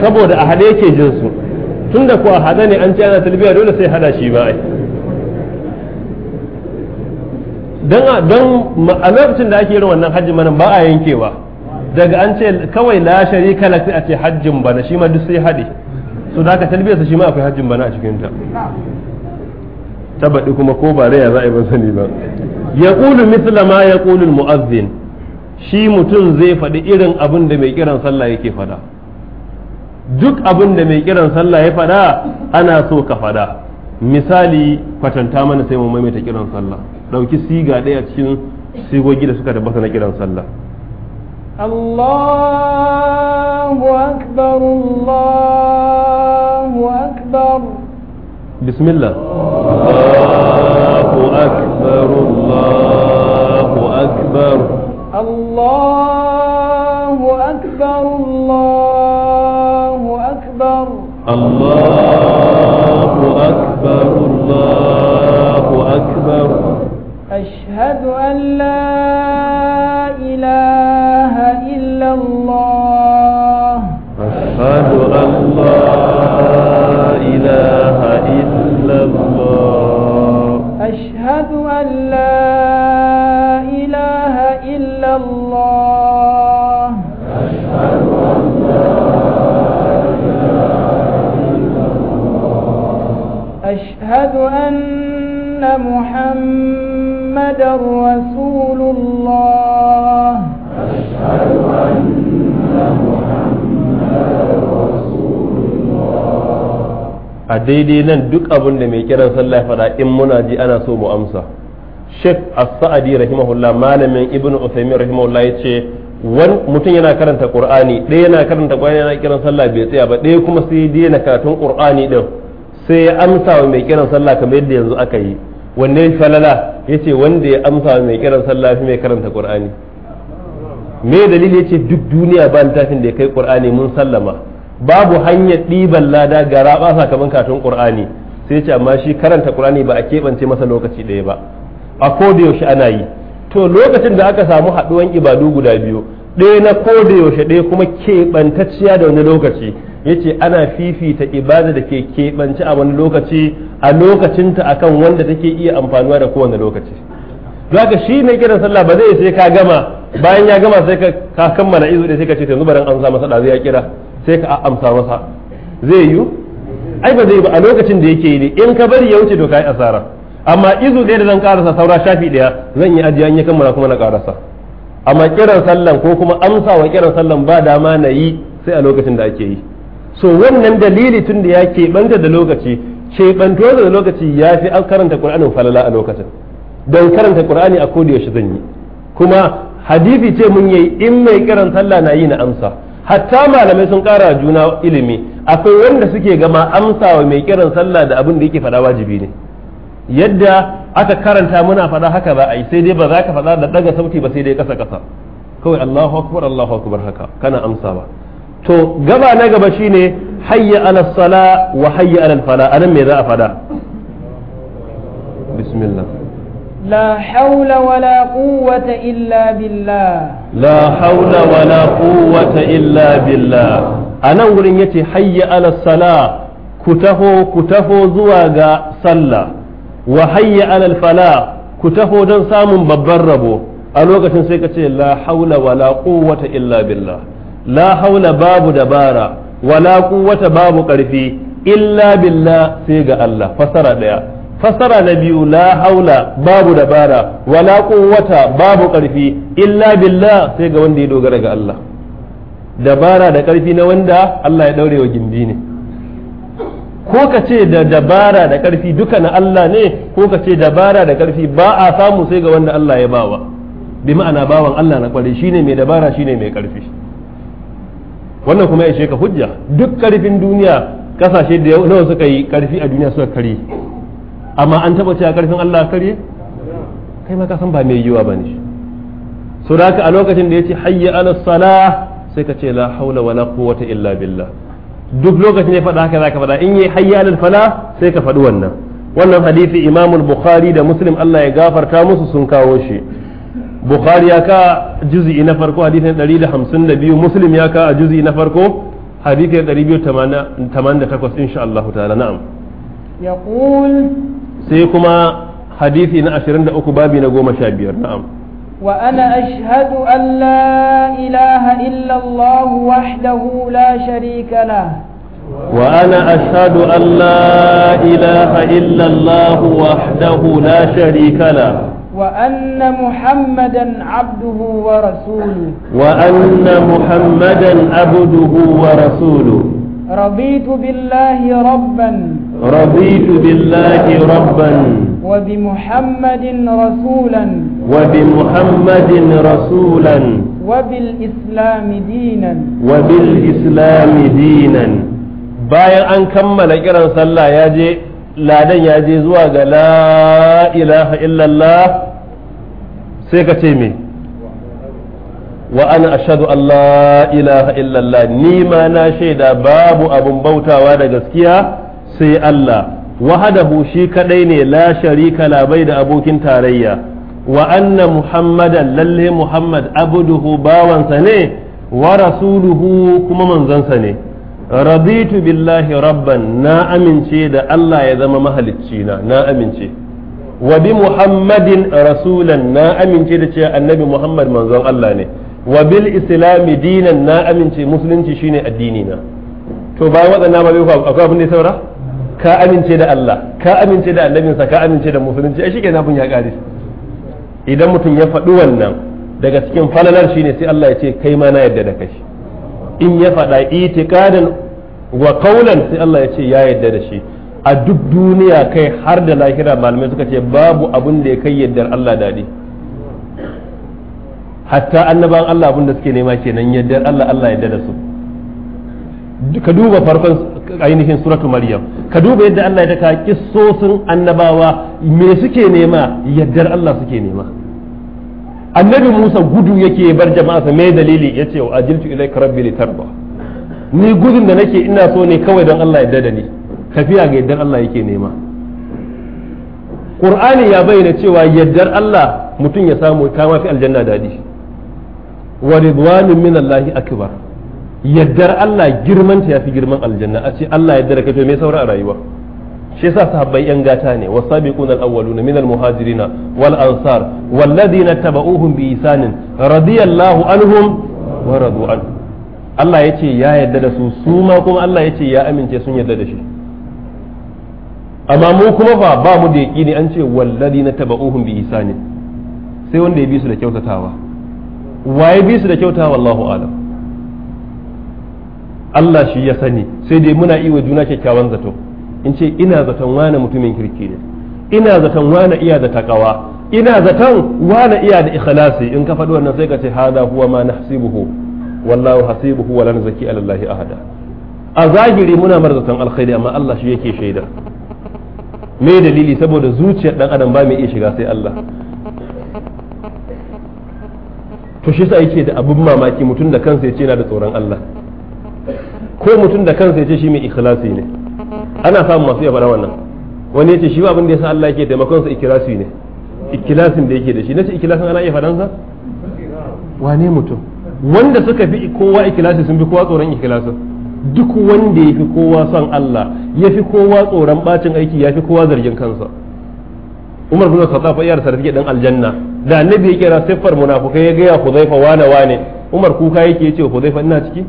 saboda a hade yake jin su tunda ko a hada ne an ce ana talbiya dole sai hada shi ba ai don don a lokacin da ake irin wannan hajji manan ba a yankewa daga an ce kawai la sharika la a ce hajjin bana shi ma duk sai haɗe su da ka talbiyarsa shi ma akwai hajjin bana a cikin ta tabaɗi kuma ko ba raya za a yi ban sani ba ya ƙulu misla ma ya ƙulu mu'azzin shi mutum zai faɗi irin abin da mai kiran sallah yake faɗa duk abin da mai kiran sallah ya faɗa ana so ka faɗa misali kwatanta mana sai mu maimaita kiran sallah ɗauki siga ɗaya cikin sigogi da suka tabbata na kiran sallah Allahu akbar Allahu akbar bismillah Allahu akbar Allahu akbar Allahu akbar Allahu akbar Allahu akbar أشهد أن لا إله إلا الله أشهد أن لا إله إلا الله أشهد أن لا إله إلا الله أشهد أن لا إله إلا الله أشهد أن محمد محمد رسول الله a daidai nan duk abin da mai kiran sallah faɗa in muna ji ana so mu amsa sheikh as-sa'adi rahimahullah malamin ibnu usaymin rahimahullah yace wani mutum yana karanta qur'ani ɗaya yana karanta qur'ani yana kiran sallah bai tsaya ba ɗaya kuma sai dai na karatun qur'ani din sai ya amsa wa mai kiran sallah kamar yadda yanzu aka yi wanne falala yace wanda ya amsa mai kiran sallah mai karanta qur'ani me dalili yace duk duniya ba littafin da ya kai qur'ani mun sallama babu hanyar ɗiban lada ga raba sakamakon katon qur'ani sai yace amma shi karanta qur'ani ba a keɓance masa lokaci ɗaya ba a koda yaushe ana yi to lokacin da aka samu haɗuwan ibadu guda biyu ɗaya na ko da yaushe ɗaya kuma keɓantacciya da wani lokaci yace ana fifita ibada da ke keɓance a wani lokaci a lokacinta akan wanda take iya amfanuwa da kowane lokaci zaka shi ne kiran sallah ba zai sai ka gama bayan ya gama sai ka kammala izu da sai ka ce yanzu bari amsa masa da ya kira sai ka amsa masa zai yi ai ba zai ba a lokacin da yake yi ne in ka bari ya wuce to kai asara amma izu ɗaya da zan karasa saura shafi ɗaya zan yi ajiya ya kammala kuma na karasa amma kiran sallan ko kuma amsa wa kiran sallan ba dama na yi sai a lokacin da ake yi so wannan dalili tun da ya keɓanta da lokaci keɓantuwar da lokaci ya fi an karanta qur'anin falala a lokacin don karanta qur'ani a koda yaushe zan yi kuma hadisi ce mun yi in mai kiran sallah na yi na amsa hatta malamai sun kara juna ilimi akwai wanda suke gama amsa wa mai kiran sallah da abin da yake faɗa wajibi ne yadda aka karanta muna faɗa haka ba a yi sai dai ba za ka faɗa da ɗaga sauti ba sai dai kasa ƙasa kawai Allahu akbar Allahu akbar haka kana ba. to gaba na gaba shine hayya ala sala wa hayya ala fala anan me za a fada bismillah لا حول ولا قوة إلا بالله لا حول ولا قوة إلا بالله أنا ورين يتي حي على الصلاة كتهو كتهو زواغا صلى وحي على الفلاح كتهو دن سام ببربو ألوغة سيكتي لا حول ولا قوة إلا بالله la haula babu dabara wala quwwata babu ƙarfi illa billah sai ga Allah fasara daya fasara na biyu la haula babu dabara wala wata babu ƙarfi illa billah sai ga wanda ya dogara ga Allah dabara da karfi na wanda Allah ya daure wa gindi ne ko ka ce da dabara da karfi duka na Allah ne ko ka ce dabara da ƙarfi ba a samu sai ga wanda Allah ya bawa bi ma'ana bawan Allah na kware shine mai dabara shine mai ƙarfi. wannan kuma ya ka hujja duk karfin duniya kasashe da nawa suka yi karfi a duniya suka kare amma an taba cewa karfin Allah kare kai ma ka san ba mai yiwa bane so da haka a lokacin da yace hayya ala salah sai ka ce la haula wala quwwata illa billah duk lokacin ya faɗa haka zaka faɗa in yi hayya ala falah sai ka faɗi wannan wannan hadisi imamul bukhari da muslim Allah ya gafarta musu sun kawo shi bukhari ya ka juz'i na farko hadisin 152 muslim ya ka a juz'i na farko hadisin 288 insha Allah ta'ala na'am sai kuma hadisi na 23 babi na 15 na'am وأنا أشهد أن لا إله إلا الله وحده لا شريك له وأنا أشهد أن لا إله إلا الله وحده لا شريك له وأن محمدا عبده ورسوله وأن محمدا عبده ورسوله رضيت بالله ربا رضيت بالله ربا وبمحمد رسولا وبمحمد رسولا وبالإسلام دينا وبالإسلام دينا بايا أن كمل كرا صلى يا جي ladan ya je zuwa ga la ilaha illallah sai ka ce me wa ana ashadu Allah ilaha illallah ni ma na shaida babu abun bautawa da gaskiya sai Allah wahadahu shi kadai ne la sharika la bai da abokin tarayya wa anna muhammadan lalle muhammad abuduhu bawansa ne wa rasuluhu kuma manzansa ne raditu billahi rabban na amince da Allah ya zama mahalicci na na amince wa bi muhammadin rasulan na amince da cewa annabi muhammad manzon Allah ne wa bil islami dinan na amince musulunci shine addini na to bayan wadanna ba bai akwai abin da ya saura ka amince da Allah ka amince da annabinsa ka amince da musulunci ai shikenan abin ya kare idan mutum ya faɗi wannan daga cikin falalar shine sai Allah ya ce kai ma na yadda da kai in ya faɗa itiqadan wa kaulan sai Allah ya ce ya yarda da shi a duk duniya kai har da lahira malamai suka ce babu abin da ya kai yardar Allah dadi hatta annaban Allah abin da suke nema kenan yardar Allah Allah ya yarda da su ka duba farkon ainihin suratu maryam ka duba yadda Allah ya daka kissosin annabawa me suke nema yaddar Allah suke nema annabi Musa gudu yake bar jama'a me dalili yace wa ajiltu ilayka rabbi litarba ni gudun da nake ina so ne kawai don Allah yadda da ni tafiya ga yaddar Allah yake nema Qur'ani ya bayyana cewa yaddar Allah mutum ya samu kama fi aljanna dadi wa ridwanun min Allah akbar yaddar Allah girmanta ta yafi girman aljanna a ce Allah yaddar ka to me saura a rayuwa shi yasa sahabbai yan gata ne wasabiqun awwaluna min al wal ansar wal ladina tabauhum bi isanin radiyallahu anhum wa radu anhum Allah ya ce ya yarda da su su ma kuma Allah ya ce ya amince sun yarda da shi amma mu kuma ba, ba mu da ne an ce wallazi na taba'uhum bi ne. sai wanda ya bi su da kyautatawa waye bi su da kyautawa wallahu alam Allah shi ya sani sai dai muna iwa juna kyakkyawan zato in ce ina zaton wane mutumin kirki ne ina zaton wane iya da takawa ina zaton wane iya da ikhlasi in ka faɗi wannan sai ka ce hada huwa ma nahsibuhu wallahu hasibuhu wa lan zaki alallahi ahada a zahiri muna marzatan alkhairi amma Allah shi yake shaida me dalili saboda zuciyar dan adam ba mai iya shiga sai Allah to shi sai yake da abun mamaki mutum da kansa yace ce yana da tsoron Allah ko mutum da kansa yace ce shi mai ikhlasi ne ana samun masu yabara wannan wani yace shi ba abin da yasa Allah yake taimakon sa ikhlasi ne ikhlasin da yake da shi nace ikhlasin ana iya sa wane mutum wanda suka fi kowa ikilasi sun fi kowa tsoron ikilasin duk wanda ya fi kowa son Allah ya fi kowa tsoron bacin aiki ya fi kowa zargin kansa Umar bin Khattab fa iyar sarki dan aljanna da annabi ya kira siffar munafukai ya gaya Hudhaifa wane wane Umar kuka yake yace Hudhaifa ina ciki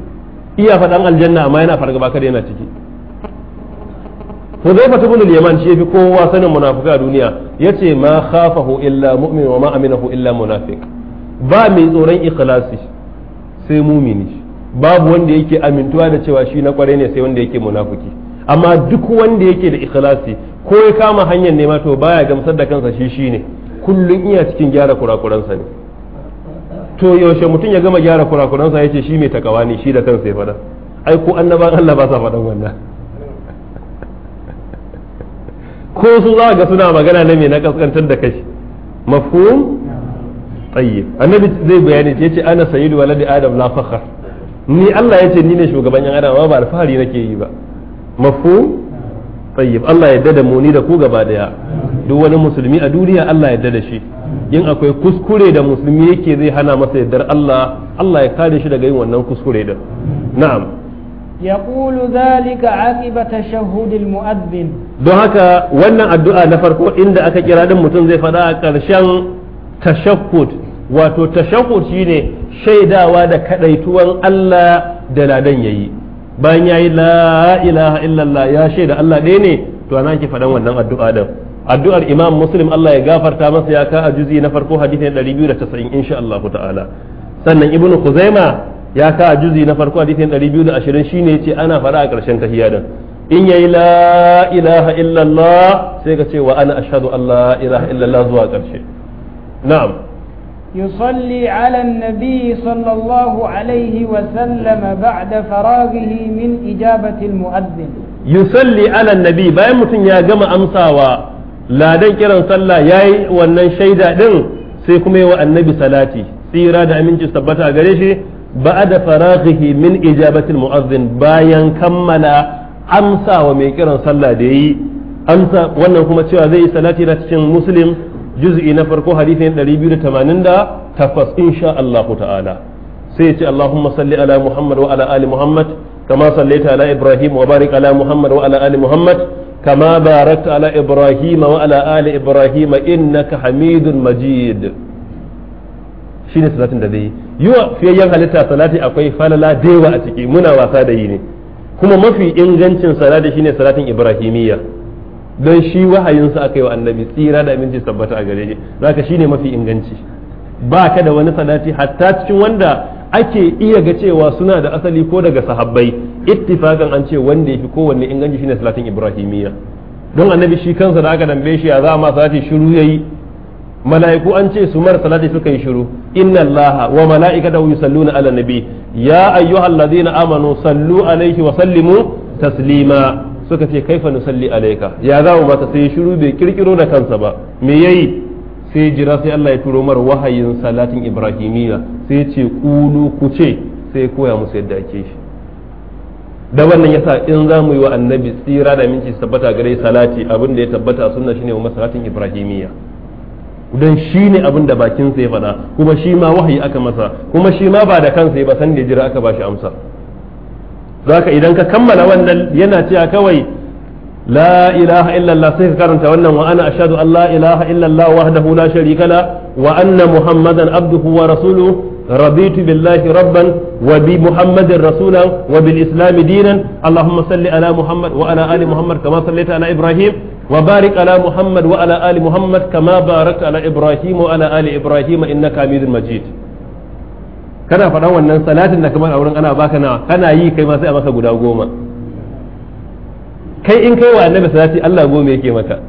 iya fa dan aljanna amma yana fargaba kada yana ciki Hudhaifa ibn al-Yaman shi fi kowa sanin munafukai a duniya yace ma khafahu illa mu'min wa ma aminahu illa munafiq ba mai tsoron ikhlasi sai mumini babu wanda yake amintuwa da cewa shi na kwarai ne sai wanda yake munafiki amma duk wanda yake da ikhlasi ko ya kama hanyar nema to baya gamsar da kansa shi shi ne kullum iya cikin gyara kurakuransa ne to yaushe mutum ya gama gyara kurakuransa ya ce shi mai takawa ne shi da kansa ya fada ai ko annaban Allah ba sa faɗan wannan ko su za ga suna magana na mai na kaskantar da kashi mafhum tayyib annabi zai bayani ce yace ana sayidu sayyidu waladi adam la fakhar ni Allah ya ce ni ne shugaban yan adam amma ba alfahari nake yi ba mafu tayyib Allah ya dada mu ni da ku gaba daya duk wani musulmi a duniya Allah ya dada shi yin akwai kuskure da musulmi yake zai hana masa yardar Allah Allah ya kare shi daga yin wannan kuskure da na'am يقول ذلك عقب تشهد المؤذن don haka wannan addu'a na farko inda aka kira din mutum zai faɗa a ƙarshen tashahhud wato tashahud shine shaidawa da kadaituwan Allah da ladan yayi bayan yayi la ilaha illallah ya shaida Allah ɗaya ne to ana ki faɗan wannan addu'a din addu'ar Imam Muslim Allah ya gafarta masa ya ka a juzi na farko hadisi na 290 insha Allah ta'ala sannan Ibn Khuzaima ya ka a juzi na farko hadisi na 220 shine yace ana fara a ƙarshen tahiyya din in yayi la ilaha illallah sai ka ce wa ana ashhadu an la ilaha illallah zuwa ƙarshe na'am يصلي على النبي صلى الله عليه وسلم بعد فراغه من إجابة المؤذن yusalli ala nabi bayan mutum ya gama amsawa ladan kiran sallah ya yi wannan shaida din sai kuma yi wa annabi salati tsira da aminci tabbata gare shi ba'ada faraghihi min ijabatil mu'azzin bayan kammala amsawa mai kiran sallah da yi amsa wannan kuma cewa zai yi salati na cikin muslim juz'i na farko hadisin 288 insha Allah ta'ala sai ya ce Allahumma salli ala Muhammad wa ala ali Muhammad kama sallaita ala Ibrahim wa barik ala Muhammad wa ala ali Muhammad kama barakta ala Ibrahim wa ala ali Ibrahim innaka Hamidun Majid shine salatin da zai yi wa fiyayyen halitta salati akwai falala dewa a ciki muna wasa da yi ne kuma mafi ingancin salati shine salatin Ibrahimiyya don shi wahayinsa aka yi wa annabi tsira da aminci tabbata a gare shi zaka shine mafi inganci ba ka da wani salati hatta cikin wanda ake iya ga cewa suna da asali ko daga sahabbai ittifakan an ce wanda yafi kowanne inganci shine salatin ibrahimiyya don annabi shi kansa da aka dambe shi a za ma salati shiru yayi mala'iku an ce su mara salati suka yi shiru inna allaha wa mala'ikatahu yusalluna ala nabi ya ayyuhallazina amanu sallu alaihi wa sallimu taslima suka ce kaifa nusalli alayka ya za mu maka sai shiru bai kirkiro da kansa ba me yayi sai jira sai Allah ya turo mar wahayin salatin ibrahimiyya sai ya ce kulu ku ce sai koya musu yadda ake shi da wannan yasa in za mu yi wa annabi tsira da minci tabbata gare salati abin da ya tabbata sunna shine wa salatin ibrahimiyya don shi ne abin da bakin ya fada kuma shi ma wahayi aka masa kuma shi ma ba da kansa ba san da jira aka ba shi amsa zaka idan ka kammala wannan yana cewa kawai la ilaha illallah sai ka karanta wannan wa ana ashhadu an la ilaha illallah wahdahu la sharika la wa anna muhammadan abduhu wa rasuluhu رضيت بالله ربا وبمحمد رسولا وبالإسلام دينا اللهم صل على محمد وعلى آل محمد كما صليت على إبراهيم وبارك على محمد وعلى آل محمد كما باركت على إبراهيم وعلى آل إبراهيم إنك حميد مجيد kana faɗa wannan salatin da kamar a wurin ana baka nawa kana yi kai ma sai a maka guda goma kai in kai wa annabi salati Allah goma yake maka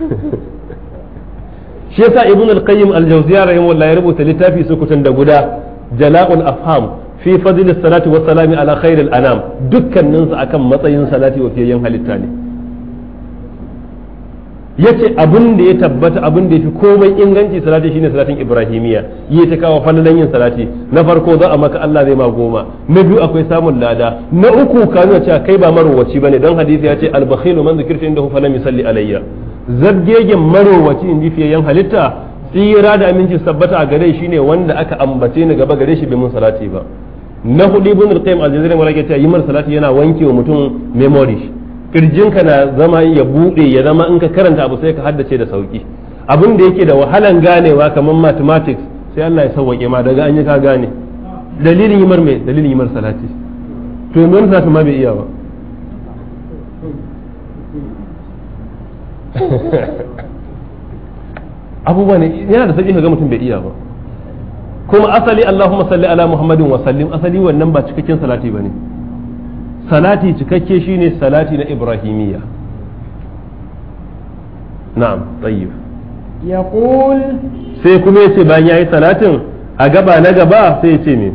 (laughs) shi yasa ibn al-qayyim al-jawziya rahimahullah ya rubuta littafi sukutan da guda jala'ul afham fi fadl as-salati was salami ala khairil anam dukkanin su akan matsayin salati wa fiyayyin halitta ne yace abin da ya tabbata abin da yafi komai inganci salati shine salatin ibrahimiyya yi ta kawo falalan yin salati na farko za a maka Allah zai ma goma na biyu akwai samun lada na uku ka nuna cewa kai ba marowaci bane don hadisi ya ce al man zikirta indahu lam yusalli alayya zaggegen marowaci inji fiyayen halitta tsira da aminci sabbata a gare ne wanda aka ambace ni gaba gare shi bai mun salati ba na hudu ibn al-qayyim al-jazari mara yi mar salati yana wanke wa mutum memory kirjinka na zama ya buɗe ya zama in ka karanta abu sai ka haddace da sauki abin da yake da wahalan ganewa kamar mathematics sai Allah ya sauke ma daga an yi ka gane dalilin yimar mai dalilin yimar salati to mun za salati ma bai iya ba (laughs) abubuwa ne yana da sauki ka ga mutum bai iya ba kuma asali Allahumma salli ala Muhammadin wa sallim asali wannan ba cikakken salati bane salati cikakke shine salati na ibrahimiyya na'am tayyib ya yaqul sai kuma yace bayan yayi salatin a gaba na gaba sai yace me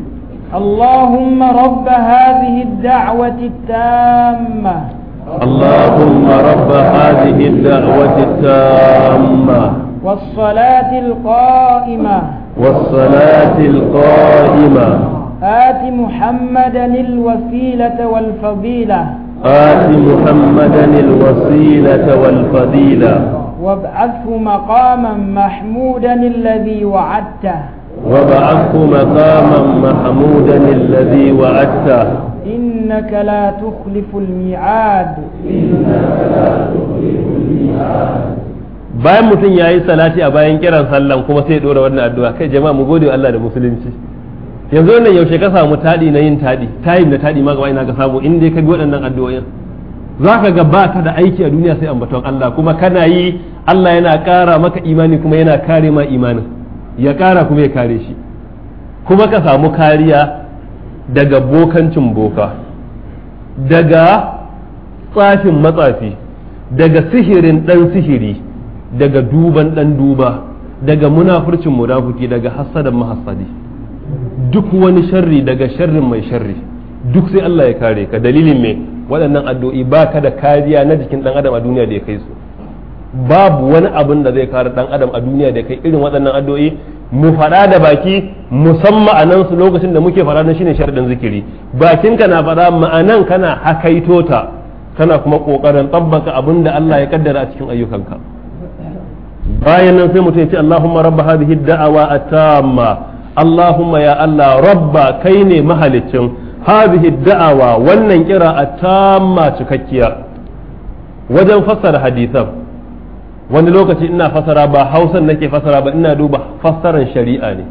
اللهم رب هذه الدعوة التامة اللهم رب هذه الدعوة التامة والصلاة القائمة والصلاة القائمة آت محمدا الوسيلة والفضيلة آت محمدا الوسيلة والفضيلة وابعثه مقاما محمودا الذي وعدته وابعثه مقاما محمودا الذي وعدته إنك لا تخلف الميعاد إنك لا تخلف الميعاد bayan mutum ya yi salati a bayan kiran sallan kuma sai ya dora wannan addu'a kai jama'a mu gode Allah da musulunci yanzu wannan yaushe ka samu taɗi na yin taɗi tayin da taɗi ma gaba ina ka samu in dai ka bi waɗannan addu'o'in za ka ga ba ka da aiki a duniya sai ambaton Allah kuma kana yi Allah yana ƙara maka imani kuma yana kare ma imanin ya ƙara kuma ya kare shi kuma ka samu kariya daga bokancin boka daga tsafin matsafi daga sihirin ɗan sihiri daga duban ɗan duba daga munafurcin munafuki daga hassadan mahassadi duk wani sharri daga sharrin mai sharri duk sai Allah ya kare ka dalilin me waɗannan addu'i ba ka da kariya na jikin ɗan adam a duniya da ya kai su babu wani abin da zai kare ɗan adam a duniya da ya kai irin waɗannan addu'i mu faɗa da baki musamman a nan su lokacin da muke faɗa na shine sharɗin zikiri bakin ka na faɗa ma'anan kana hakaito ta kana kuma ƙoƙarin tsabbaka abin da Allah ya kaddara a cikin ayyukanka bayan nan sai mutum ya ce Allahumma rabba hadhihi da'awa at-tamma Allahumma ya Allah rabba kai ne mahalicin hadhihi da'awa wannan kira a cikakkiya wajen fassara hadisan wani lokaci ina fassara ba hausan nake fassara ba ina duba fassaran shari'a ne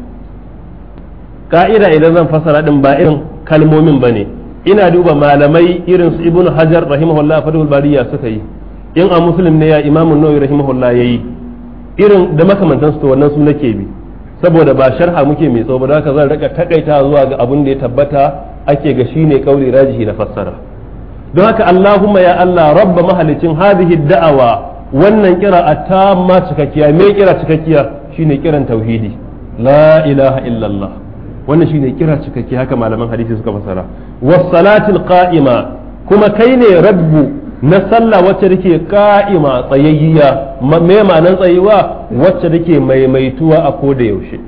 ka'ida idan zan fassara din ba irin kalmomin bane ina duba malamai irin su ibnu hajar rahimahullah fadul bariya suka yi in a muslim ne ya imamun nawawi rahimahullah yayi irin da makamantan su to wannan su nake bi saboda ba sharha muke mai tsawo ba haka zan rika takaita zuwa ga abin da ya tabbata ake ga shine kauli rajihi na fassara don haka Allahumma ya Allah rabba mahalicin hadhihi da'awa wannan kira atamma cikakkiya me kira cikakkiya shine kiran tauhidi la ilaha illallah wannan shine kira cikakkiya haka malaman hadisi suka fassara was salatil qa'ima kuma kai ne rabbu na sallah wacce take ka'ima tsayayya me ma'anan tsayuwa wacce take maimaituwa a koda yaushe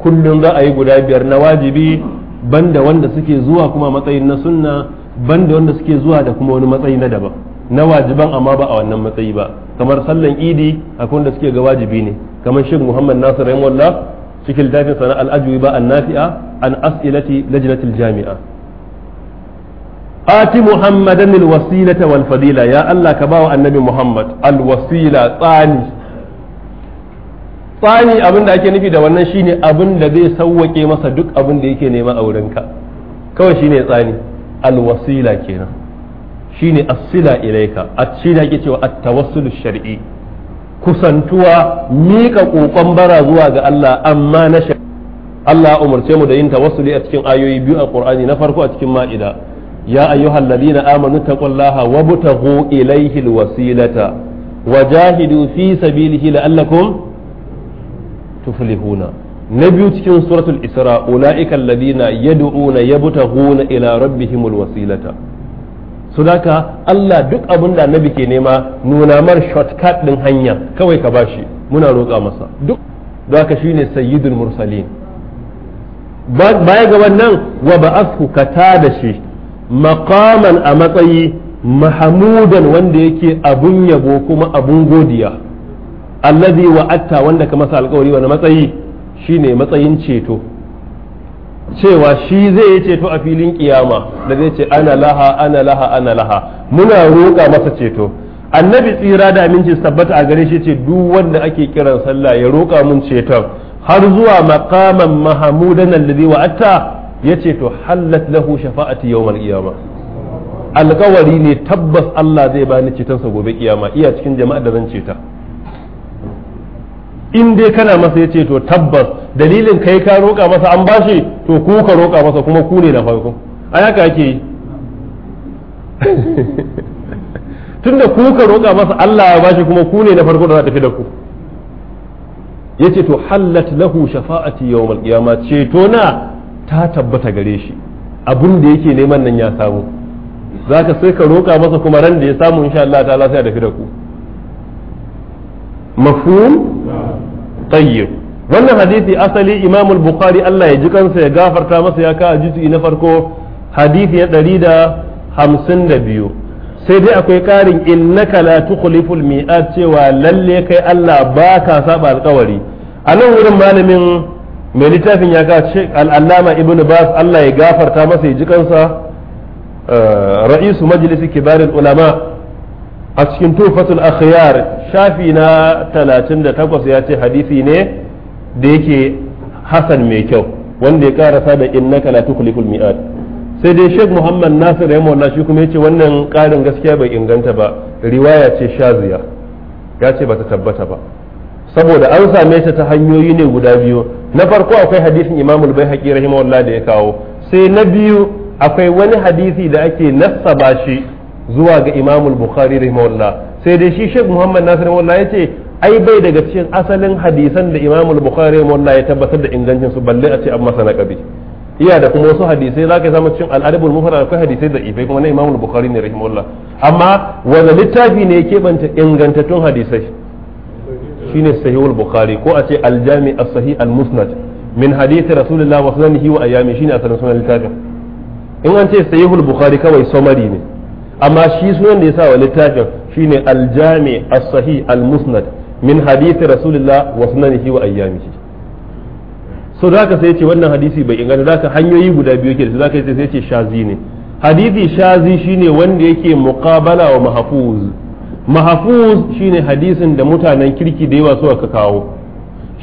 kullum za a yi guda biyar na wajibi banda wanda suke zuwa kuma matsayin na sunna banda wanda suke zuwa da kuma wani matsayi na daban na wajiban amma ba a wannan matsayi ba kamar sallan idi akwai wanda suke ga wajibi ne kamar shek muhammad nasir rahimahullah cikin dafin sana al-ajwi ba an nafi'a an as'ilati lajnatil jami'a ati muhammadan alwasilata wal fadila ya Allah ka bawa annabi muhammad alwasila tsani tsani abin da ake nufi da wannan shine abin da zai sauwake masa duk abin da yake nema a wurinka kawai shine tsani alwasila kenan shine asila ilaika shine ake cewa at-tawassul shar'i kusantuwa mika kokon bara zuwa ga Allah amma na Allah umurce mu da yin tawassuli a cikin ayoyi biyu a Qur'ani na farko a cikin Ma'ida يا أيها الذين آمنوا اتقوا الله وابتغوا إليه الوسيلة وجاهدوا في سبيله لعلكم تفلحون نبي تكون سورة الإسراء أولئك الذين يدعون يبتغون إلى ربهم الوسيلة سلاكا الله دك أبن لا نبي كنما نونا مر شوتكات من هنيا كوي كباشي منا روك أمسا دك ذاك شيني سيد المرسلين بايا قبل نان وبعثه كتادشي maqaman a matsayi mahamudan wanda yake abun yabo kuma abun godiya allazi wa'atta wanda ka masa alkawari wani matsayi shine matsayin ceto cewa shi zai yi ceto a filin kiyama da zai ce ana laha ana laha ana laha muna roƙa masa ceto annabi tsira da aminci tabbata a gare shi ce duk wanda ake kiran sallah ya roƙa mun ceton har zuwa maqaman mahamudan allazi wa'atta yace to hallat lahu shafa'ati yawmal qiyama alkawari ne tabbas Allah zai bani sa gobe kiyama iya cikin jama'a da zan ceta in dai kana masa yace to tabbas dalilin kai ka roƙa masa an bashi to ku ka roƙa masa kuma ku ne na farko ai haka ake yi (laughs) tunda ku ka roƙa masa Allah ya bashi kuma ku ne na farko da za tafi da ku yace to hallat lahu shafa'ati yawmal qiyama ceto na ta tabbata gare shi abun da yake neman nan ya samu zaka sai ka roƙa masa kuma ran da ya samu insha Allah ta lasa ya dafi da ku mafhum tayyib wannan hadisi asali imam al-bukhari Allah ya ji kansa ya gafarta masa ya ka jisi na farko hadisi ya 152 sai dai akwai karin innaka la tukhliful mi'at cewa lalle kai Allah baka saba alƙawari a nan wurin malamin mai littafin ya ga al'allama ibn bas Allah ya gafarta masa ya ji eh, ra'isu majalisi kibarin ulama a cikin tufatul akhyar shafi na talatin da takwas ya ce hadisi ne da yake hasan mai kyau wanda ya karasa da inna la tuklikul mi'ad sai dai Sheikh Muhammad Nasir ya mauna shi kuma ya ce wannan karin gaskiya bai inganta ba riwaya ce shaziya ya ce ba ta tabbata ba saboda an same ta ta hanyoyi ne guda biyu na farko akwai hadisin Imam al-Baihaqi rahimahullah da ya kawo sai na biyu akwai wani hadisi da ake nassaba shi zuwa ga Imam al-Bukhari rahimahullah sai dai shi Sheikh Muhammad Nasir rahimahullah ce ai bai daga cikin asalin hadisan da Imam al-Bukhari rahimahullah ya tabbatar da ingancin su balle a ce an masa naqabi iya da kuma wasu hadisai zaka samu cikin cin al'adabul mufrad akwai hadisai da ifai kuma na Imam al-Bukhari ne rahimahullah amma wanda littafi ne ya keɓanta ingantattun hadisai shine sahihul bukhari ko a ce aljami as-sahih al-musnad min hadith rasulullah wa sunanihi wa ayami shine asalin sunan littafin in an ce sahihul bukhari kawai somari ne amma shi sunan da yasa wa littafin shine aljami as-sahih al-musnad min hadith rasulullah wa sunanihi wa ayami so zaka sai ce wannan hadisi bai inganta zaka hanyoyi guda biyu ke da zaka sai ce shazi ne hadisi shazi shine wanda yake muqabala wa mahfuz mahfuz shine hadisin da mutanen kirki da yawa suka kawo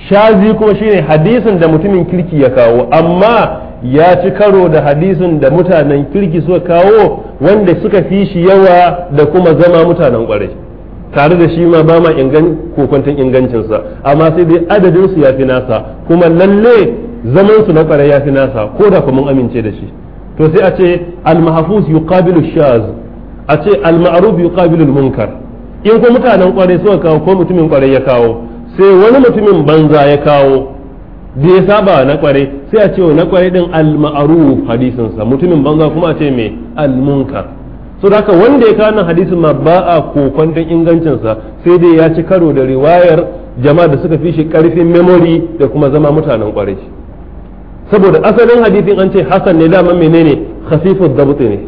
shazi kuma shine hadisin da mutumin kirki ya kawo amma ya ci karo da hadisin da mutanen kirki suka kawo wanda suka fi shi yawa da kuma zama mutanen kwarai tare da shi ma ba ma ingan ingancinsa amma sai dai adadin su ya fi nasa kuma lalle zamansu na kwarai ya fi nasa ko da kuma mun amince da shi to sai a ce al-mahfuz yuqabilu shaz a ce al-ma'ruf yuqabilu munkar in ko mutanen kwarai suka kawo ko mutumin kwarai ya kawo sai wani mutumin banza ya kawo da ya saba na kwarai sai a ce na kwarai din al-ma'ruf hadisin sa mutumin banza kuma a ce me al-munkar so haka wanda ya kawo hadisin ma ba a kokon ingancin sa sai dai ya ci karo da riwayar jama'a da suka fi shi karfin memory da kuma zama mutanen kwarai saboda asalin hadisin an ce hasan ne dama menene khafifud dabt ne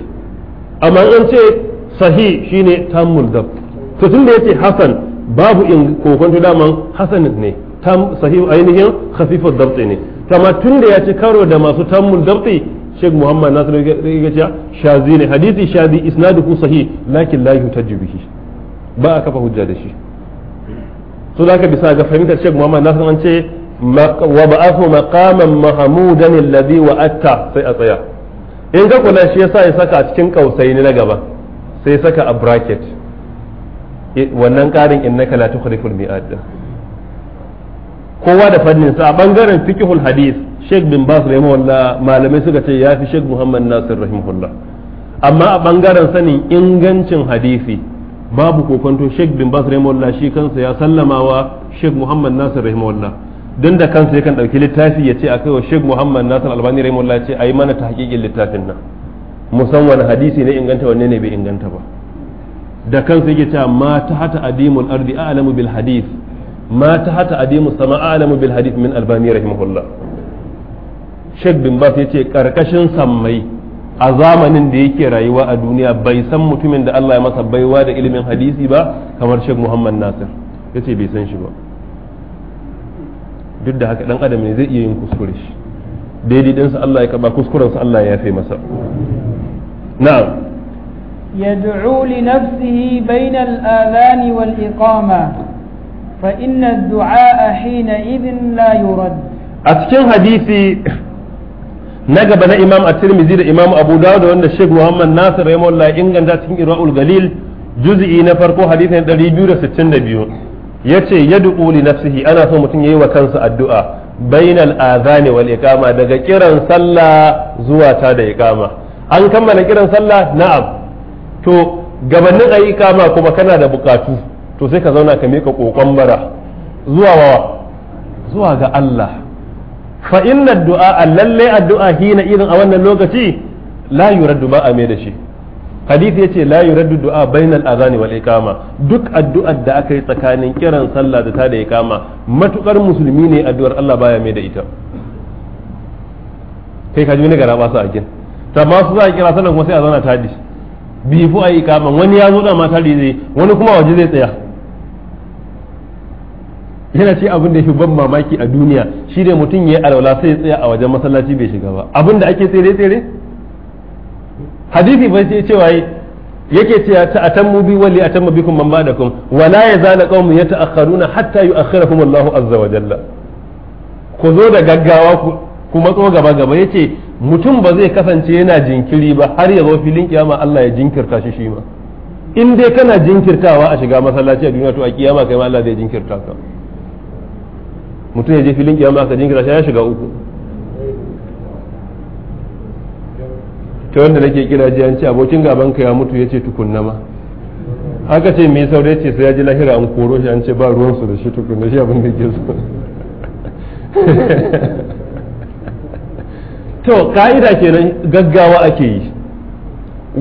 amma an ce sahih shine tammul dabt to tun da yace hasan babu in kokonto daman hasan ne tam sahihu ainihin khafifud dabti ne kama tun da yace karo da masu tammul dabti Sheikh Muhammad Nasir ya ce shazi ne hadisi shazi isnaduhu sahih lakin la yuhtajju bihi ba a kafa hujja da shi to da bisa ga fahimtar Sheikh Muhammad Nasir an ce wa ba'athu maqaman mahmudan alladhi wa'atta sai a tsaya in ga kula shi yasa ya saka a cikin kausai ne na gaba sai saka a bracket wannan karin innaka la tukhliful mi'ad din kowa da fannin sa a bangaren fiqhul hadith Sheikh bin Bas walla malamai suka ce yafi Sheikh Muhammad Nasir rahimahullah amma a bangaren sanin ingancin hadisi babu kokonto Sheikh bin Bas rahimahullah shi kansa ya sallamawa Sheikh Muhammad Nasir rahimahullah dan da kansa yakan dauki littafi ya ce akai wa Sheikh Muhammad Nasir Albani rahimahullah ya ce ayi mana tahqiqin littafin nan musamman hadisi ne inganta wanne ne bai inganta ba da kansa yake cewa ma ta hata adimul ardi a'lamu bil hadith ma ta hata adimul sama a'lamu bil hadith min albani rahimahullah Sheikh bin Bas yace karkashin sammai a zamanin da yake rayuwa a duniya bai san mutumin da Allah ya masa baiwa da ilimin hadisi ba kamar Sheikh Muhammad Nasir yace bai san shi ba duk da haka dan adam ne zai iya yin kuskure shi daidai dinsa Allah ya kaba kuskurensa Allah ya yafe masa na'am يدعو لنفسه بين الآذان والإقامة فإن الدعاء حينئذ لا يرد أتكن حديثي نجب أنا إمام الترمذي الإمام أبو داود وأن الشيخ محمد ناصر رحمه الله إن كان تكن إراء الغليل جزئي نفرقو حديث الذي يجور ستين نبيون yace yad'u li nafsihi ana so mutum yayi wa kansa addu'a bainal adhan wal iqama daga kiran sallah zuwa ta da iqama an kammala kiran sallah na'am to gabanin a yi kama kuma kana da bukatu to sai ka zauna ka mika kokon bara zuwa wa zuwa ga Allah fa inna du'a lalle addu'a hina irin a wannan lokaci la yuraddu ma a mai da shi hadisi yace la yuraddu du'a bainal azani wal iqama duk addu'ar da aka yi tsakanin kiran sallah da ta da iqama matukar musulmi ne addu'ar Allah baya mai da ita kai ka ji ne gara ba su a kin ta ma su za a kira sallah kuma sai a zauna hadisi bifu a kama wani ya zo da ma zai wani kuma waje zai tsaya yana ce abin da ya fi ban mamaki a duniya shi ne mutum ya yi alwala sai ya tsaya a wajen masallaci bai shiga ba abin da ake tsere tsere hadisi bai ce cewa yake ce ta atammu bi wali atamma bikum man ba'dakum wala yazal qaumun yata'akhkharuna hatta yu'akhkhirahum Allahu azza wa jalla ku zo da gaggawa ku kuma tso gaba gaba yace mutum ba zai kasance yana jinkiri ba har ya zo filin kiyama Allah ya jinkirta shi shi ma in dai kana jinkirtawa a shiga masallaci a duniya to a kiyama kai ma Allah zai jinkirta ka mutum ya je filin kiyama aka jinkirta shi ya shiga uku ta wanda nake kira ji an ce abokin gaban ka ya mutu ya ce tukunna ma haka ce me saurayi ce sai ya ji lahira an koro shi an ce ba ruwansu da shi tukunna shi abin da ke so (laughs) to ka'ida kenan gaggawa ake yi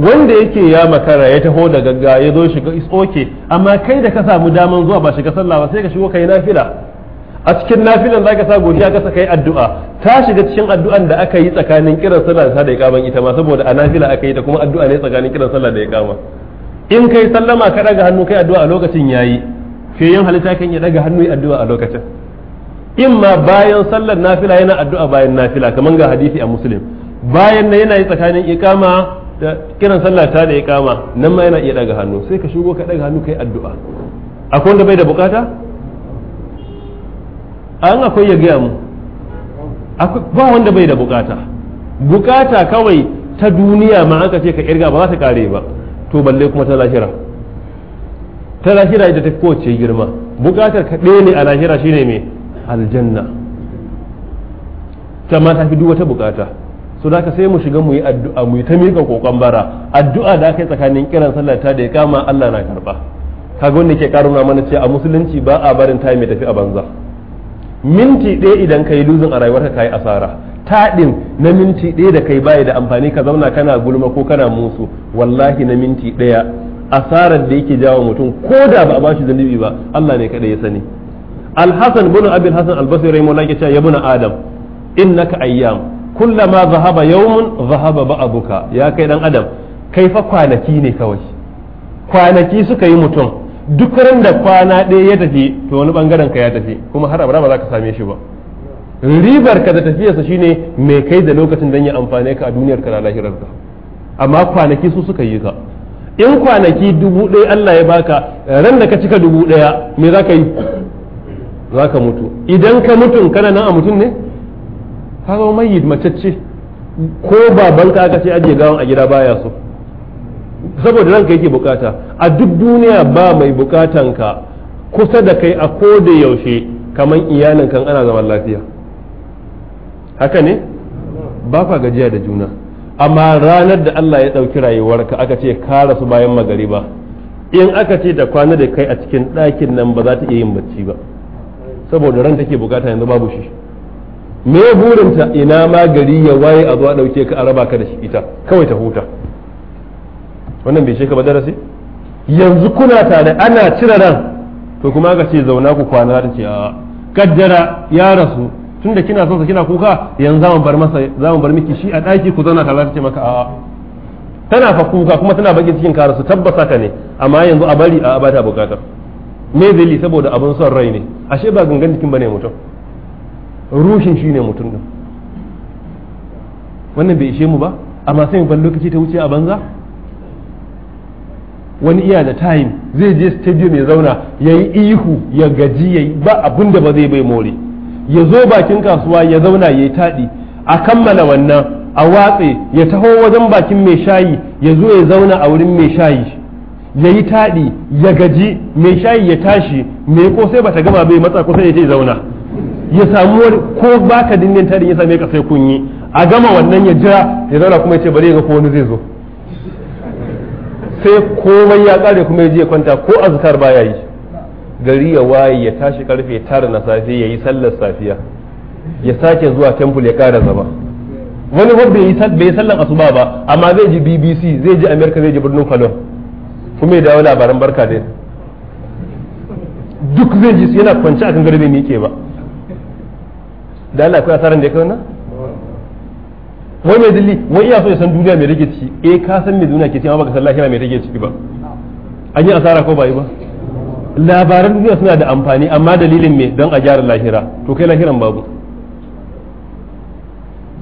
wanda yake ya makara ya taho da gaggawa ya zo shiga is okay amma kai da ka samu daman zuwa ba shiga sallah ba sai ka shigo kai nafila a cikin nafilan zaka sa godiya ka saka yi addu'a ta shiga cikin addu'an da aka yi tsakanin kiran sallah da iqaman ita ma saboda a nafila aka yi da kuma addu'a ne tsakanin kiran sallah da iqama in kai sallama ka daga hannu kai addu'a a lokacin yayi fiye yin halitta kan ya daga hannu yi addu'a a lokacin imma bayan sallar nafila yana addu'a bayan nafila kamar ga hadisi a muslim bayan na yana yi tsakanin ikama da kiran sallah ta da ikama nan ma yana iya daga hannu sai ka shigo ka daga hannu kai addu'a akwai wanda bai da bukata an akwai ya gaya mu ba wanda bai da bukata bukata kawai ta duniya ma aka ce ka kirga ba za ta kare ba to balle kuma ta lahira ta lahira ita ta kowace girma bukatar ka ɗaya ne a lahira shine me aljanna ta ma tafi duk wata bukata so da sai mu shiga mu yi addu'a mu yi ta miƙa kokon bara addu'a da aka yi tsakanin kiran sallah ta da ya kama Allah na karba kaga wanda ke karuna mana cewa a musulunci ba a barin ta mai tafi a banza minti ɗaya idan ka yi luzin a rayuwarka ka yi asara taɗin na minti ɗaya da kai bayi da amfani ka zauna kana gulma ko kana musu wallahi na minti ɗaya asarar da yake jawo mutum ko da ba a bashi zunubi ba Allah ne kaɗai ya sani الحسن بن bin الحسن البصري al-basri rahimahullah yake cewa ya buna adam innaka ayyam kullama zahaba yawmun zahaba ba'abuka ya kai dan adam kai fa kwanaki ne kawai kwanaki suka yi mutum duk ran da kwana ɗaya ya tafi to wani bangaren ka ya tafi kuma har abada ba za ka same shi ba ribar ka da tafiyarsa shine mai kai da lokacin dan ya amfane ka a duniyar ka da lahirar ka amma kwanaki su suka yi ka in kwanaki dubu ɗaya Allah ya baka ran da ka cika dubu ɗaya me za ka yi za ka mutu idan ka mutu kana nan a mutum ne kaga mayyit matacce ko babanka aka ce ajiye gawan a gida baya so saboda ranka yake bukata a duk duniya ba mai bukatan ka kusa da kai a ko da yaushe kamar iyalin kan ana zaman lafiya haka ne ba ka gajiya da juna amma ranar da Allah ya ɗauki rayuwarka aka ce ka rasu bayan magari ba in aka ce da kwana da kai a cikin ɗakin nan ba za ta iya yin bacci ba saboda ran take bukata yanzu babu shi me burinta ina ma gari ya waye a zuwa dauke ka a raba ka da shi ita kawai ta huta wannan bai sheka ba darasi yanzu kuna tare ana cire ran to kuma ka ce zauna ku kwana ta ce a kaddara ya rasu tunda kina son kina kuka yanzu zamu bar masa zamu bar miki shi a daki ku zauna tare ce maka a'a tana fa kuka kuma tana bakin cikin karasu tabbasa ka ne amma yanzu a bari a bata bukatar me zai saboda abin son rai ne ashe ba gangan jikin bane mutum rushin shi ne mutum din wannan bai ishe mu ba amma sai ban lokaci ta wuce a banza wani iya da time zai je stadium ya zauna ya yi ihu ya gaji ya yi ba abin da ba zai bai more ya zo bakin kasuwa ya zauna ya yi taɗi a kammala wannan a watse ya taho wajen bakin mai shayi ya zo ya zauna a wurin mai shayi ya yi taɗi ya gaji mai shayi ya tashi mai ko sai bata gama bai matsa kusa ya ce zauna ya samu ko baka dindin taɗi ya same ka sai kun a gama wannan ya jira ya zauna kuma ya ce bari ya ga ko wani zai zo sai komai ya kare kuma ya je kwanta ko azkar ya yi gari ya waye ya tashi karfe tara na safe ya yi sallar safiya ya sake zuwa temple ya kara zama wani wanda bai yi sallar asuba ba amma zai ji bbc zai ji america zai ji birnin falon. kuma ya dawo labaran barka da duk zai ji su yana kwanci akan garbe bai miƙe ba da Allah kuwa asaran da ya kauna wai mai dalli wai iya so ya san duniya mai rage ciki eh ka san mai duniya ke ciki amma baka san lahira mai rage ciki ba an yi asara ko bai ba labaran duniya suna da amfani amma dalilin me don a gyara lahira to kai lahiran babu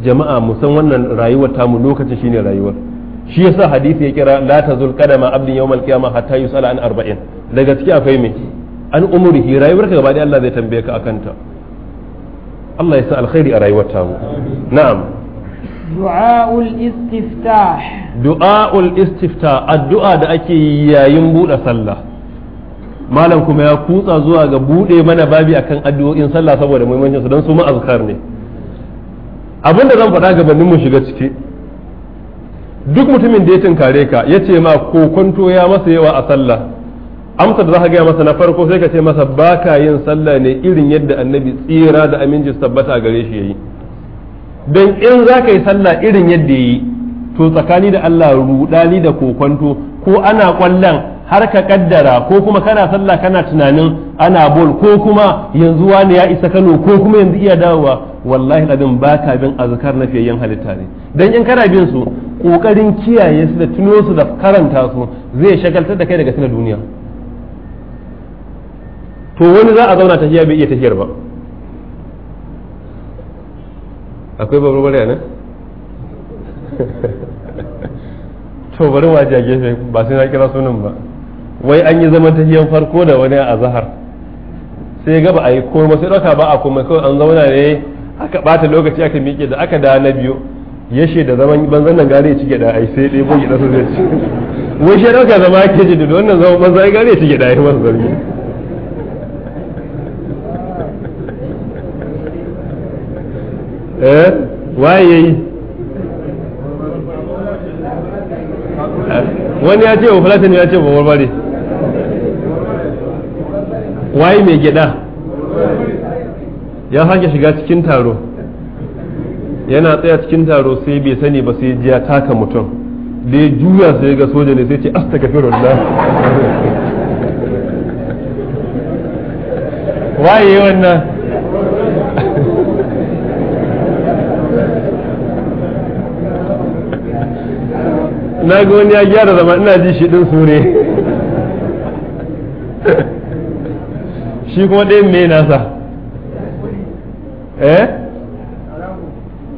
jama'a mu san wannan rayuwar tamu lokacin shine rayuwar shi yasa hadisi ya kira la tazul qadama abdin yawmal qiyamah hatta yusala an arba'in daga ciki akwai me an hi rayuwarka gaba da Allah zai tambaye ka akan ta Allah ya alkhairi a rayuwar ta na'am du'aul istiftah du'aul istiftah addu'a da ake yayin buɗe sallah malam kuma ya kutsa zuwa ga buɗe mana babi akan addu'o'in sallah saboda muhimmancin su don su ma azkar ne abinda zan faɗa gabanin mu shiga ciki duk mutumin da ya tunkare ka ya ce ma kwanto ya masa yawa a sallah amsa da za ka gaya masa na farko sai ka ce masa baka yin sallah ne irin yadda annabi tsira da aminci tabbata gare shi yayi don in za ka yi sallah irin yadda yayi to tsakani da Allah rudani da kokwanto ko ana kwallon har ka kaddara ko kuma kana sallah kana tunanin ana bol ko kuma yanzu wani ya isa Kano ko kuma yanzu iya dawowa wallahi abin ba ka bin azkar na fiyayyen halitta ne dan in kana bin su kokarin kiyaye su da tuno su da karanta su zai shagaltar da kai daga tuna duniya to wani za a zauna tafiya bai iya tafiyar ba akwai babbar ne (laughs) to bari wa jage ba sai na kira sunan ba wai an yi zaman tahiyan farko da wani a zahar sai gaba a yi komai sai ɗauka ba a komai kawai an zauna ne aka ɓata lokaci aka miƙe da aka da na biyu ya da zaman banzan nan ya ci da ai sai dai bai gidan su zai ci wai shi ɗauka zama ake ji da wannan zaman banzan ai ya ci da ai wannan zargi (laughs) eh waye yayi wani ya ce wa fulatin ya ce ba barbare waye mai gida ya sake shiga cikin taro yana tsaya cikin taro sai bai sani ba sai ji ya taka mutum da ya juya sai ga soja ne sai ce astaghfirullah waye wannan na ga wani ya gyara zama ina ji shi din sure shi kuma dai me nasa eh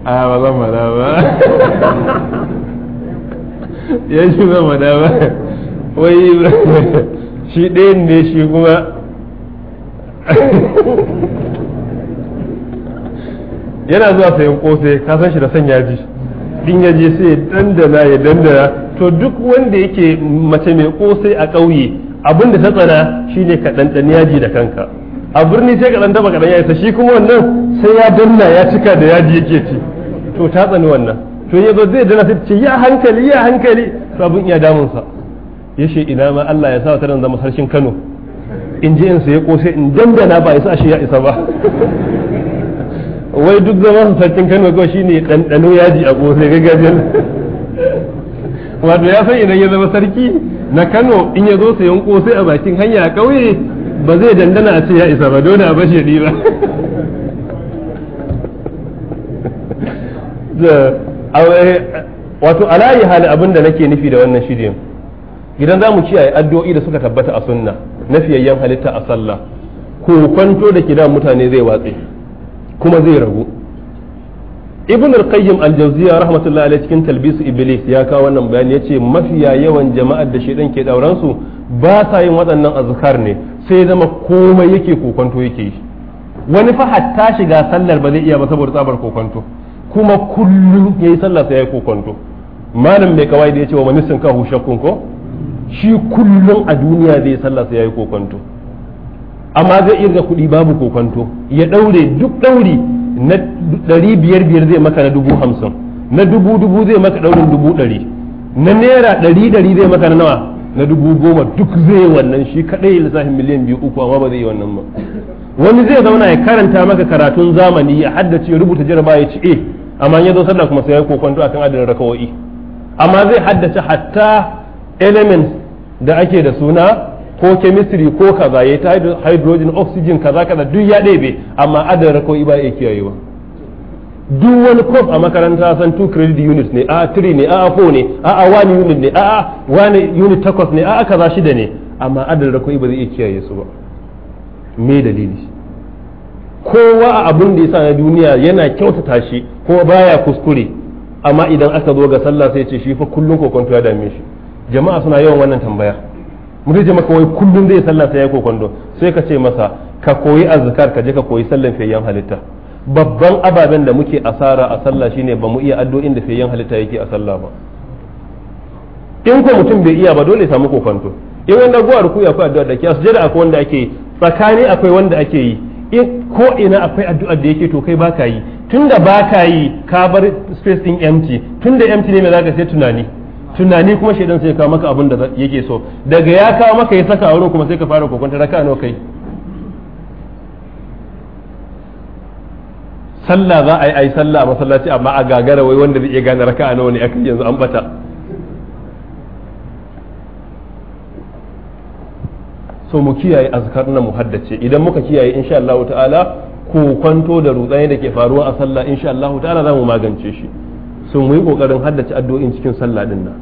a ba zan mada ba (laughs) ya shi zan mada ba wai shi ɗayan ne shi kuma (laughs) yana zuwa sayan kosai ka san shi da sanya ji in yaje sai ya dandana ya dandana to duk wanda yake mace mai kosai a ƙauye abin da ta tsana shine ka ɗanɗani yaji da kanka a birni sai ka ɗan daba kaɗan yaji shi kuma wannan sai ya danna ya cika da yaji yake ci to ta tsani wannan to ya zo zai dana sai ce ya hankali ya hankali to abin iya damunsa ya ce ina ma Allah ya sa ta nan zama sarshin Kano in je in saye kosai in dandana ba isa shi ya isa ba wai duk zama sarkin Kano kawai shine ɗanɗano yaji a kosai gaggajiyar wato ya san idan ya zama sarki na Kano in ya zo sayan kosai a bakin hanya a ƙauye ba zai dandana a ce ya isa ba dole a bashi ya ba. (laughs) wato alayi hali abin da nake nufi da wannan shirin idan za mu kiyaye addu'o'i da suka tabbata a sunna na fiyayyen halitta a sallah ko kwanto da kidan mutane zai watse kuma zai ragu ibn al-qayyim al-jawziya rahmatullahi alayhi cikin talbisu iblis ya kawo wannan bayani yace mafiya yawan jama'ar da shedan ke dauran su ba sa yin waɗannan azkar ne sai zama komai yake kokonto yake yi wani fa hatta shiga sallar ba zai iya ba saboda tsabar kokonto kuma kullum yayi sallar sai yayi kokonto malam mai kawai da yace wa manisin ka shakkun ko shi kullum a duniya zai sallar sai yayi kokonto amma zai iya ga kuɗi babu kokonto ya daure duk dauri na ɗari biyar biyar zai maka na dubu hamsin na dubu dubu zai maka ɗaurin dubu ɗari na naira ɗari ɗari zai maka na nawa na dubu goma duk zai wannan shi kaɗai lissafin miliyan biyu uku amma ba zai yi wannan ba wani zai zauna ya karanta maka karatun zamani ya haddace rubuta jaraba ya ci e eh, amma ya zo sallah kuma sai ya kokonto akan adadin rakawo'i amma zai haddace hatta elements da ake da suna ko chemistry ko kaza ya ta hydrogen oxygen kaza kaza duk ya ɗebe amma adan rako iba ya kiyaye ba duk wani kof a makaranta san two credit units ne a three ne a four ne a a one unit ne a a one unit takwas ne a a kaza shida ne amma adan rako iba zai iya kiyaye su ba me dalili kowa a abun da yasa na duniya yana kyautata shi ko baya kuskure amma idan aka zo ga sallah sai ce shi fa kullun kokonto ya dame shi jama'a suna yawan wannan tambaya mutum ce maka wai kullum zai sallah sai ya kokondo sai ka ce masa ka koyi azkar ka je ka koyi sallan fiyayyen halitta babban ababen da muke asara a sallah shine ba mu iya addu'o'in da fiyayyen halitta yake a sallah ba in ko mutum bai iya ba dole ya samu kokonto in wanda guwa ruku akwai addu'a da ke sujada akwai wanda ake yi tsakani akwai wanda ake yi in ko ina akwai addu'a da yake to kai baka yi tunda baka yi ka bar space din empty tunda empty ne me zaka sai tunani tunani kuma shaidan sai ya kawo maka abin da yake so daga ya kawo maka ya saka wurin kuma sai ka fara kokonta raka nawa kai sallah za a yi ai sallah a masallaci amma a gagara wai wanda zai iya gane raka nawa ne akan yanzu an bata so mu kiyaye azkar na muhaddace idan muka kiyaye insha Allah ta'ala ko kwanto da rutsani da ke faruwa a sallah insha Allah ta'ala za mu magance shi sun muyi yi kokarin haddace addu'o'in cikin sallah din nan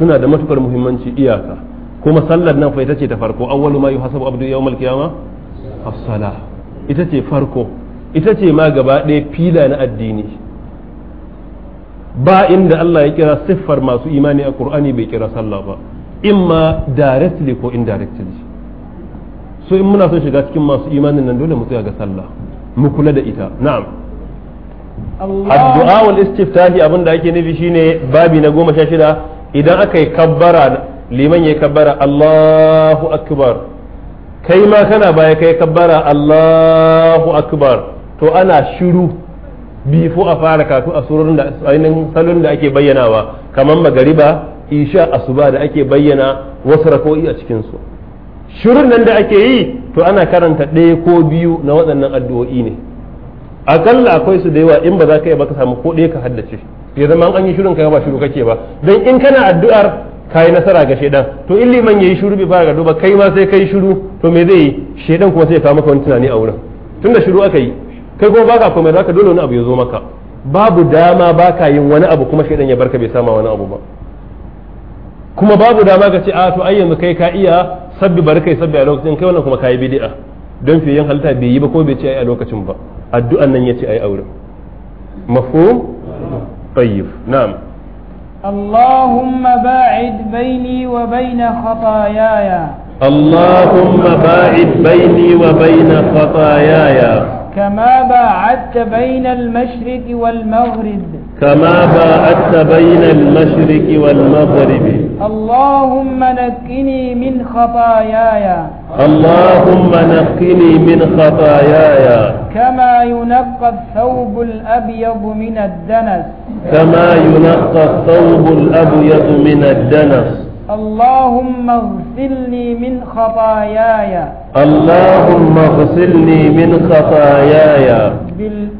suna da matukar muhimmanci iyaka kuma sallar nan fa ita ce ta farko awwalu ma yuhasabu abdu yawmal qiyama as-salah ita ce farko ita ce ma gaba ɗaya fila na addini ba inda Allah ya kira siffar masu imani a Qur'ani bai kira sallah ba imma directly ko indirectly so in muna son shiga cikin masu imanin nan dole mu tsaya ga sallah mu kula da ita na'am addu'a wal istiftahi abin da ake nufi shine babi na goma sha shida idan aka yi kabbara liman ya kabbara Allahu akbar kai ma kana baya kai kabbara Allahu akbar to ana shiru bifu a fara kafu a surorin da ainihin salon da ake bayyanawa kamar magariba isha asuba da ake bayyana wasu rako'i a cikin su shirin nan da ake yi to ana karanta ɗaya ko biyu na waɗannan addu'o'i ne akalla akwai su da yawa in ba za ka yi ba ka samu ko ɗaya ka haddace ya zama an yi shirin ka ba shiru kake ba don in kana addu'ar ka yi nasara ga shaidan to in liman yi shiru bai fara gado ba kai ma sai kai shiru to me zai yi shaidan kuma sai ya kawo maka wani tunani a wurin tunda shiru aka yi kai kuma baka komai ka dole wani abu ya zo maka babu dama baka yin wani abu kuma shaidan ya barka bai sama wani abu ba kuma babu dama ka ce a to ai yanzu kai ka iya sabbi bari kai sabbi a lokacin kai wannan kuma ka yi bid'a don fiye halitta bai yi ba ko bai ce ai a lokacin ba addu'an nan ya ce ai auren mafhum tayyib na'am اللهم باعد بيني وبين خطاياي اللهم باعد بيني وبين خطاياي كما باعدت بين المشرق والمغرب كما باعدت بين المشرق والمغرب اللهم نقني من خطاياي اللهم نقني من خطاياي كما ينقى الثوب الأبيض من الدنس كما ينقى الثوب الأبيض من الدنس اللهم اغسل من خطاياي اللهم اغسل من خطاياي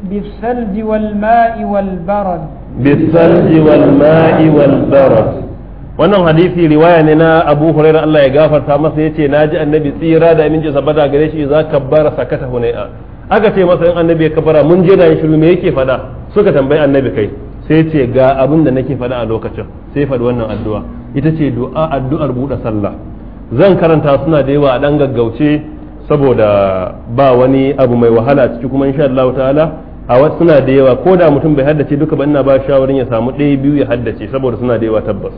بالثلج والماء والبرد بالثلج والماء والبرد wannan hadisi riwaya ne na abu huraira Allah ya gafarta masa ya ce na ji annabi tsira da aminci sabada gare shi za ka bar sakata hunai'a aka ce masa in annabi ya kabara mun je da shiru me yake fada suka tambayi annabi kai sai ce ga abin da nake fada a lokacin sai faɗi wannan addu'a ita ce du'a addu'ar buɗe sallah zan karanta suna da yawa a ɗan gaggauce saboda ba wani abu mai wahala ciki kuma insha Allah ta'ala a wasu suna da yawa ko da mutum bai haddace duka ba ina ba shawarin ya samu ɗaya biyu ya haddace saboda suna da yawa tabbas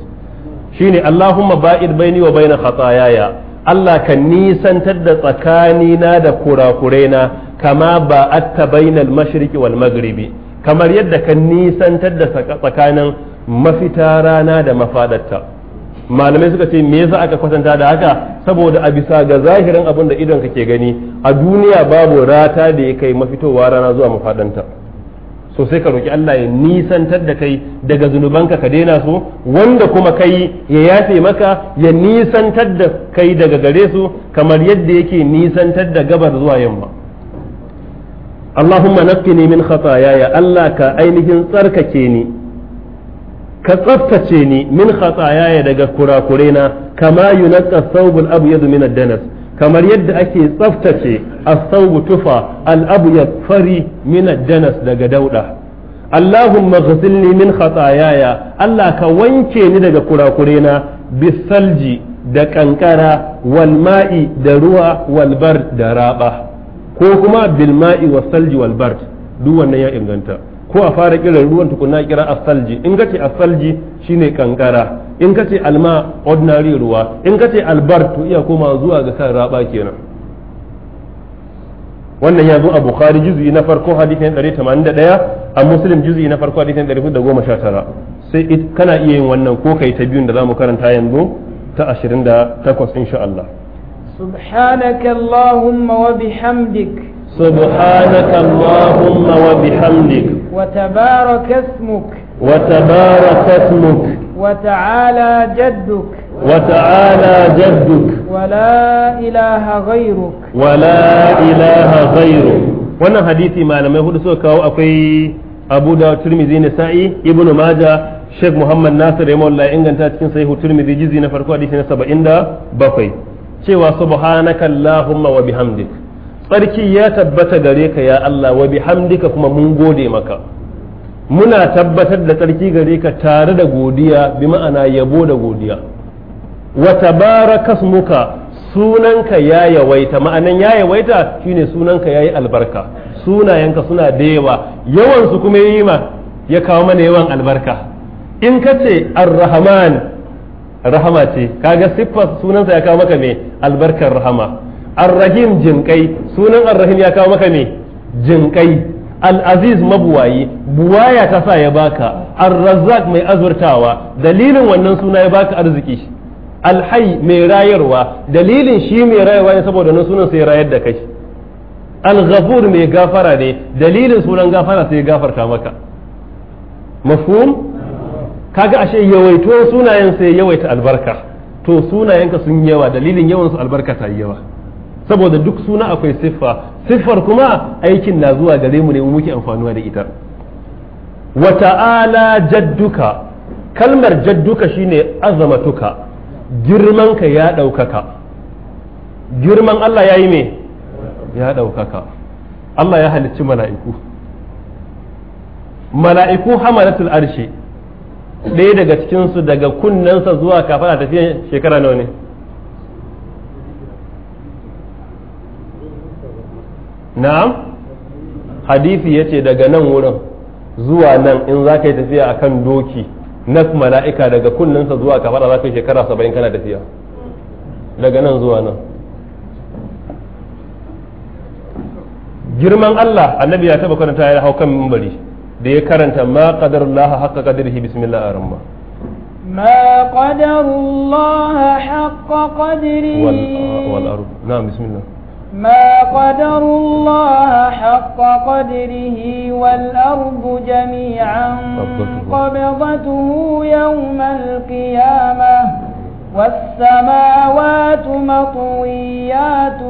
shine Allahumma ba'id baini wa baina khataayaya Allah ka nisantar da tsakanina da kurakuraina kama ba atta bainal mashriqi wal maghribi kamar yadda ka nisantar da tsakanin mafita rana da mafadarta malamai suka ce me yasa aka kwatanta da haka saboda a bisa ga zahirin abin da idon ke gani a duniya babu rata da ya kai mafitowa rana zuwa mafadanta so sai ka roki Allah ya nisantar da kai daga zunubanka ka daina su wanda kuma kai ya yafe maka ya nisantar da kai daga gare su kamar yadda yake nisantar da gabar zuwa yamma Allahumma nafkini min khataaya ya Allah ka ainihin tsarkake ni ka tsaftace ni min khatayaya daga kurakure na kama yunqa al abyad min ad-danas kamar yadda ake tsaftace as thawb tufa al-abyad fari min ad-danas daga dauda Allahumma ghsilni min khatayaya Allah ka wanke ni daga kurakure na bisalji da kankara wal ma'i da ruwa wal bar da raba ko kuma bil ma'i wasalji wal bar duk wannan ya inganta ko a fara kiran ruwan tukuna kira asalji in kace asalji shine kankara in kace alma ordinary ruwa in kace albar to iya koma zuwa ga kan raba kenan wannan ya zo a bukhari juz'i na farko hadisin 181 a muslim juz'i na farko hadisin 119 sai it kana iya yin wannan ko kai ta biyun da zamu karanta yanzu ta 28 insha Allah subhanaka allahumma wa bihamdika سبحانك اللهم وبحمدك وتبارك اسمك وتبارك اسمك وتعالى جدك وتعالى جدك ولا إله غيرك ولا إله غيرك wannan hadisi malamai hudu suka kawo akwai abu da turmizi na sa'i ibnu maja sheikh muhammad nasir ya maula inganta cikin sahihu turmizi jizi na farko hadisi na saba'in da bakwai cewa subhanaka allahumma wa bihamdik tsarki ya tabbata gare ka ya Allah wa hamdika kuma mun gode maka muna tabbatar da tsarki gare ka tare da godiya bi ma'ana yabo da godiya wa tabarakasmuka sunanka ya yawaita ma'anan ya yawaita shine sunanka yayi albarka sunayenka suna da yawa yawansu kuma yi ma ya kawo mana yawan albarka in ka ce arrahman rahama ce kaga siffar sunansa ya kawo maka me albarkar rahama arrahim jinƙai, sunan arrahim ya kawo maka me jinƙai, al-aziz mabuwayi buwaya ta sa ya baka ar mai azurtawa dalilin wannan suna ya baka arziki alhai mai rayarwa dalilin shi mai rayarwa ne saboda nan sunan sai rayar da kai al mai gafara ne dalilin sunan gafara sai gafarta maka mafhum kaga ashe yawaito sunayen sai yawaita albarka to ka sun yawa dalilin yawan su albarka ta yawa saboda duk suna akwai siffa siffar kuma aikin na zuwa gare mu ne mu muke amfanuwa da ita wa ta'ala jadduka kalmar jadduka shine azamatuka girman ka ya daukaka girman Allah ya yi me ya daukaka Allah ya halicci mala'iku mala'iku hamalatul arshi ɗaya daga cikinsu daga kunnensa zuwa kafin a tafiyan shekara nawa ne na'am hadisi yace daga nan wurin zuwa nan in za ka yi tafiya a kan doki na mala'ika daga kullinsa zuwa kafara za ka yi shekara saba'in kana tafiya daga nan zuwa nan girman Allah annabi ya taba karanta ya hau kan mimbari da ya karanta ma haka kadar shi bismillah arhamma ma qadarullah haqqa qadrihi wal ard na'am bismillah ما قدروا الله حق قدره والأرض جميعا قبضته يوم القيامة والسماوات مطويات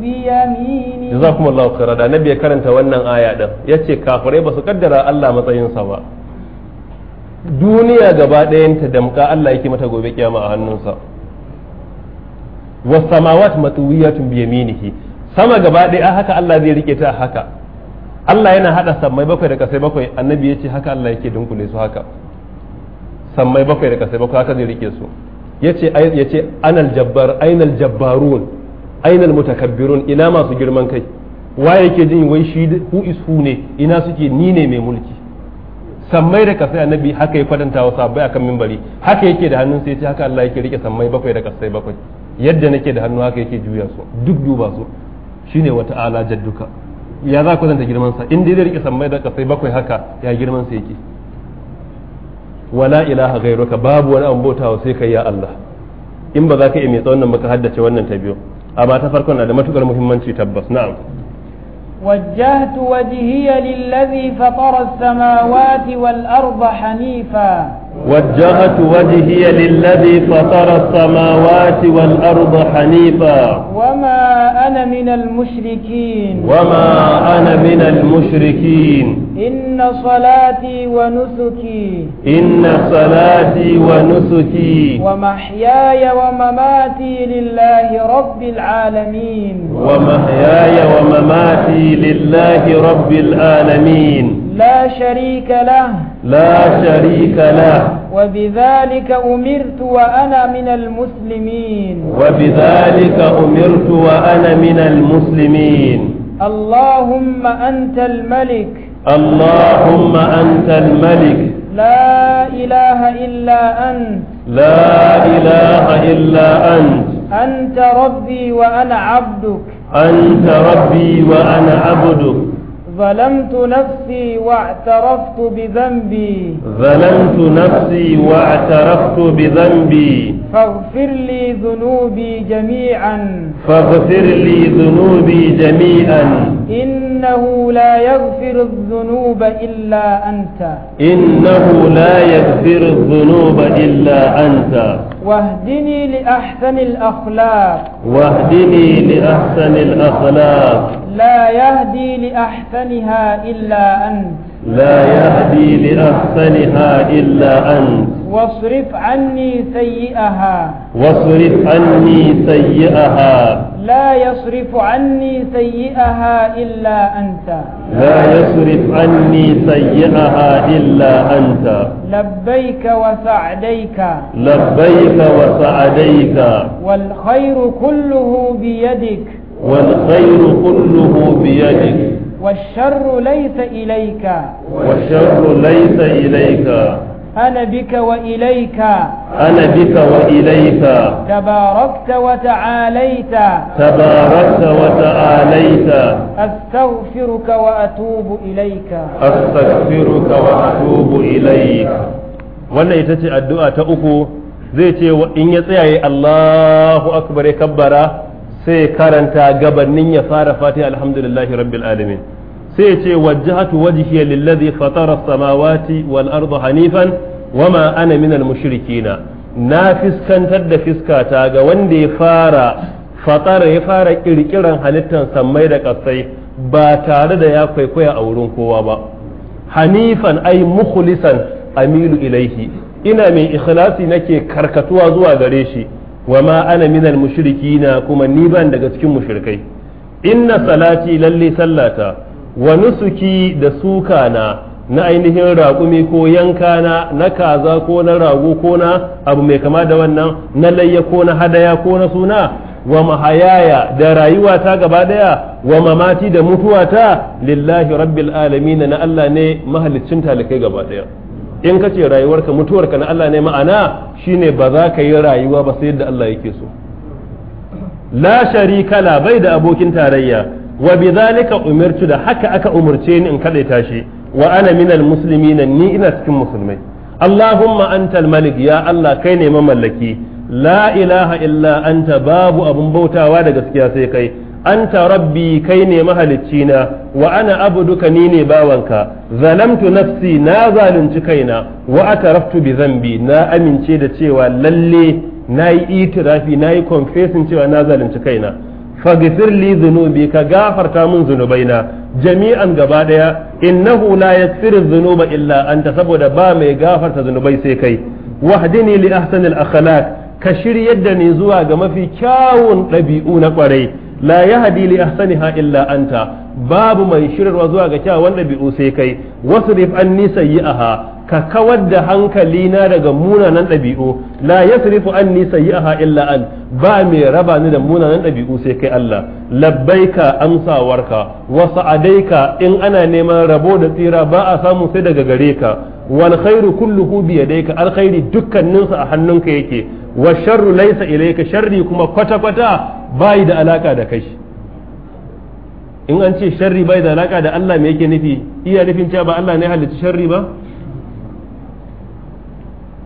بيمينه جزاكم الله خيرا da annabi ya karanta wannan aya din yace kafirai ba su kaddara Allah sa ba duniya gaba ɗayanta damka Allah yake mata gobe kiyama a hannunsa was samawat matwiyatun bi yaminihi sama gaba ɗaya haka Allah zai rike ta haka Allah yana hada sammai bakwai da kasai bakwai annabi ya ce haka Allah yake dunkule su haka sammai bakwai da kasai bakwai haka zai rike su yace yace anal jabbar ainal jabbarun ainal mutakabbirun ina masu girman kai wa yake jin wai shi who is who ne ina suke ni ne mai mulki sammai da kasai annabi haka ya kwatanta wa sahabbai akan minbari haka yake da hannun sai ya ce haka Allah yake rike sammai bakwai da kasai bakwai yadda nake da hannu haka yake juya su duk duba su shine wata ala jadduka ya za ku zanta girman sa in dai zai rike sammai da kasai bakwai haka ya girman sa yake wala ilaha ghairuka babu wani abin bautawa sai kai ya Allah in ba za ka iya mai tsawon nan baka haddace wannan ta biyu amma ta farkon na da matukar muhimmanci tabbas na'am وجهت وجهي للذي فطر wal والأرض حنيفا وجهت وجهي للذي فطر السماوات والأرض حنيفا وما أنا من المشركين وما أنا من المشركين إن صلاتي ونسكي إن صلاتي ونسكي ومحياي ومماتي لله رب العالمين ومحياي ومماتي لله رب العالمين لا شريك له لا شريك له وبذلك أمرت وأنا من المسلمين وبذلك أمرت وأنا من المسلمين اللهم أنت الملك اللهم أنت الملك لا إله إلا أنت لا إله إلا أنت أنت ربي وأنا عبدك أنت ربي وأنا عبدك ظلمت نفسي واعترفت بذنبي ظلمت نفسي واعترفت بذنبي فاغفر لي ذنوبي جميعا فاغفر لي ذنوبي جميعا إنه لا يغفر الذنوب إلا أنت إنه لا يغفر الذنوب إلا أنت واهدني لأحسن الأخلاق واهدني لأحسن الأخلاق لا يهدي لأحسنها إلا أنت لا يهدي لأحسنها إلا أنت واصرف عني سيئها واصرف عني سيئها لا يصرف عني سيئها إلا أنت لا يصرف عني سيئها إلا أنت لبيك وسعديك لبيك وسعديك والخير كله بيدك والخير كله بيدك والشر ليس إليك والشر ليس إليك أنا بك وإليك أنا بك وإليك تباركت وتعاليت تباركت وتعاليت أستغفرك وأتوب إليك أستغفرك وأتوب إليك wannan ita ce addu'a ta uku zai ce in ya tsayaye Allahu akbar ya kabbara sai karanta gabanin ya fara Fati alhamdulillahi rabbil alamin sai ya ce wajjahatu wajhiya lillazi fatara samawati wal arda hanifan wama ana al mushrikina na fiskantar da fiskata ga wanda ya fara fatara ya fara kirkiran halittar sammai da kasai ba tare da ya kwaikwaya a wurin kowa ba hanifan ai mukhlisan amilu ilaihi ina mai ikhlasi nake karkatuwa zuwa gare shi wama ana al mushrikina kuma ni ban daga cikin mushrikai inna salati lalli sallata wa nusuki da suka na na ainihin raƙumi ko yanka na na kaza ko na rago ko na abu mai kama da wannan na layya ko na hadaya ko na suna wa mahayaya da rayuwata gaba daya wa mamati da mutuwata lillahi rabbil alamin na Allah ne mahalicin talakai gaba daya in ka ce rayuwarka mutuwarka na Allah ne ma'ana shine ba za ka yi rayuwa ba sai yadda Allah yake so la sharika la bai da abokin tarayya wa bi zalika umirtu da haka aka umurce ni in ta shi wa ana minal na ni ina cikin musulmai allahumma al malik ya allah kai ne mamallaki la ilaha illa anta babu abun bautawa da gaskiya sai kai anta rabbi kai ne mahaliccina wa ana abuduka ni ne bawanka zalamtu nafsi na zalunci kaina wa ataraftu bi zambi na amince da cewa lalle nayi itirafi nayi yi confessing cewa na zalunci kaina faghfir li dhunubi ka gafarta min na jami'an gaba daya innahu la yaghfiru dhunuba illa anta saboda ba mai gafarta zunubai sai kai wahdini li ahsanil akhlaq ka shiryar da ni zuwa ga mafi kyawun ɗabi'u na kwarai la yahdi li ahsaniha illa anta babu mai shirarwa zuwa ga cewa wanda bi sai kai wasrif yi aha ka kawar da hankali na daga munanan ɗabi'u la nisa yi aha illa an ba mai raba ni da munanan ɗabi'u sai kai Allah labbaika amsawarka wasu adaika in ana neman rabo da tsira ba a samu sai daga gare ka wal khairu kulluhu bi yadayka alkhairi dukkaninsa a hannunka yake wa sharru laysa ilayka sharri kuma kwata kwata bai da alaka da kai in an ce sharri bai da alaka da Allah me yake nufi iya nufin cewa ba Allah ne halitta sharri ba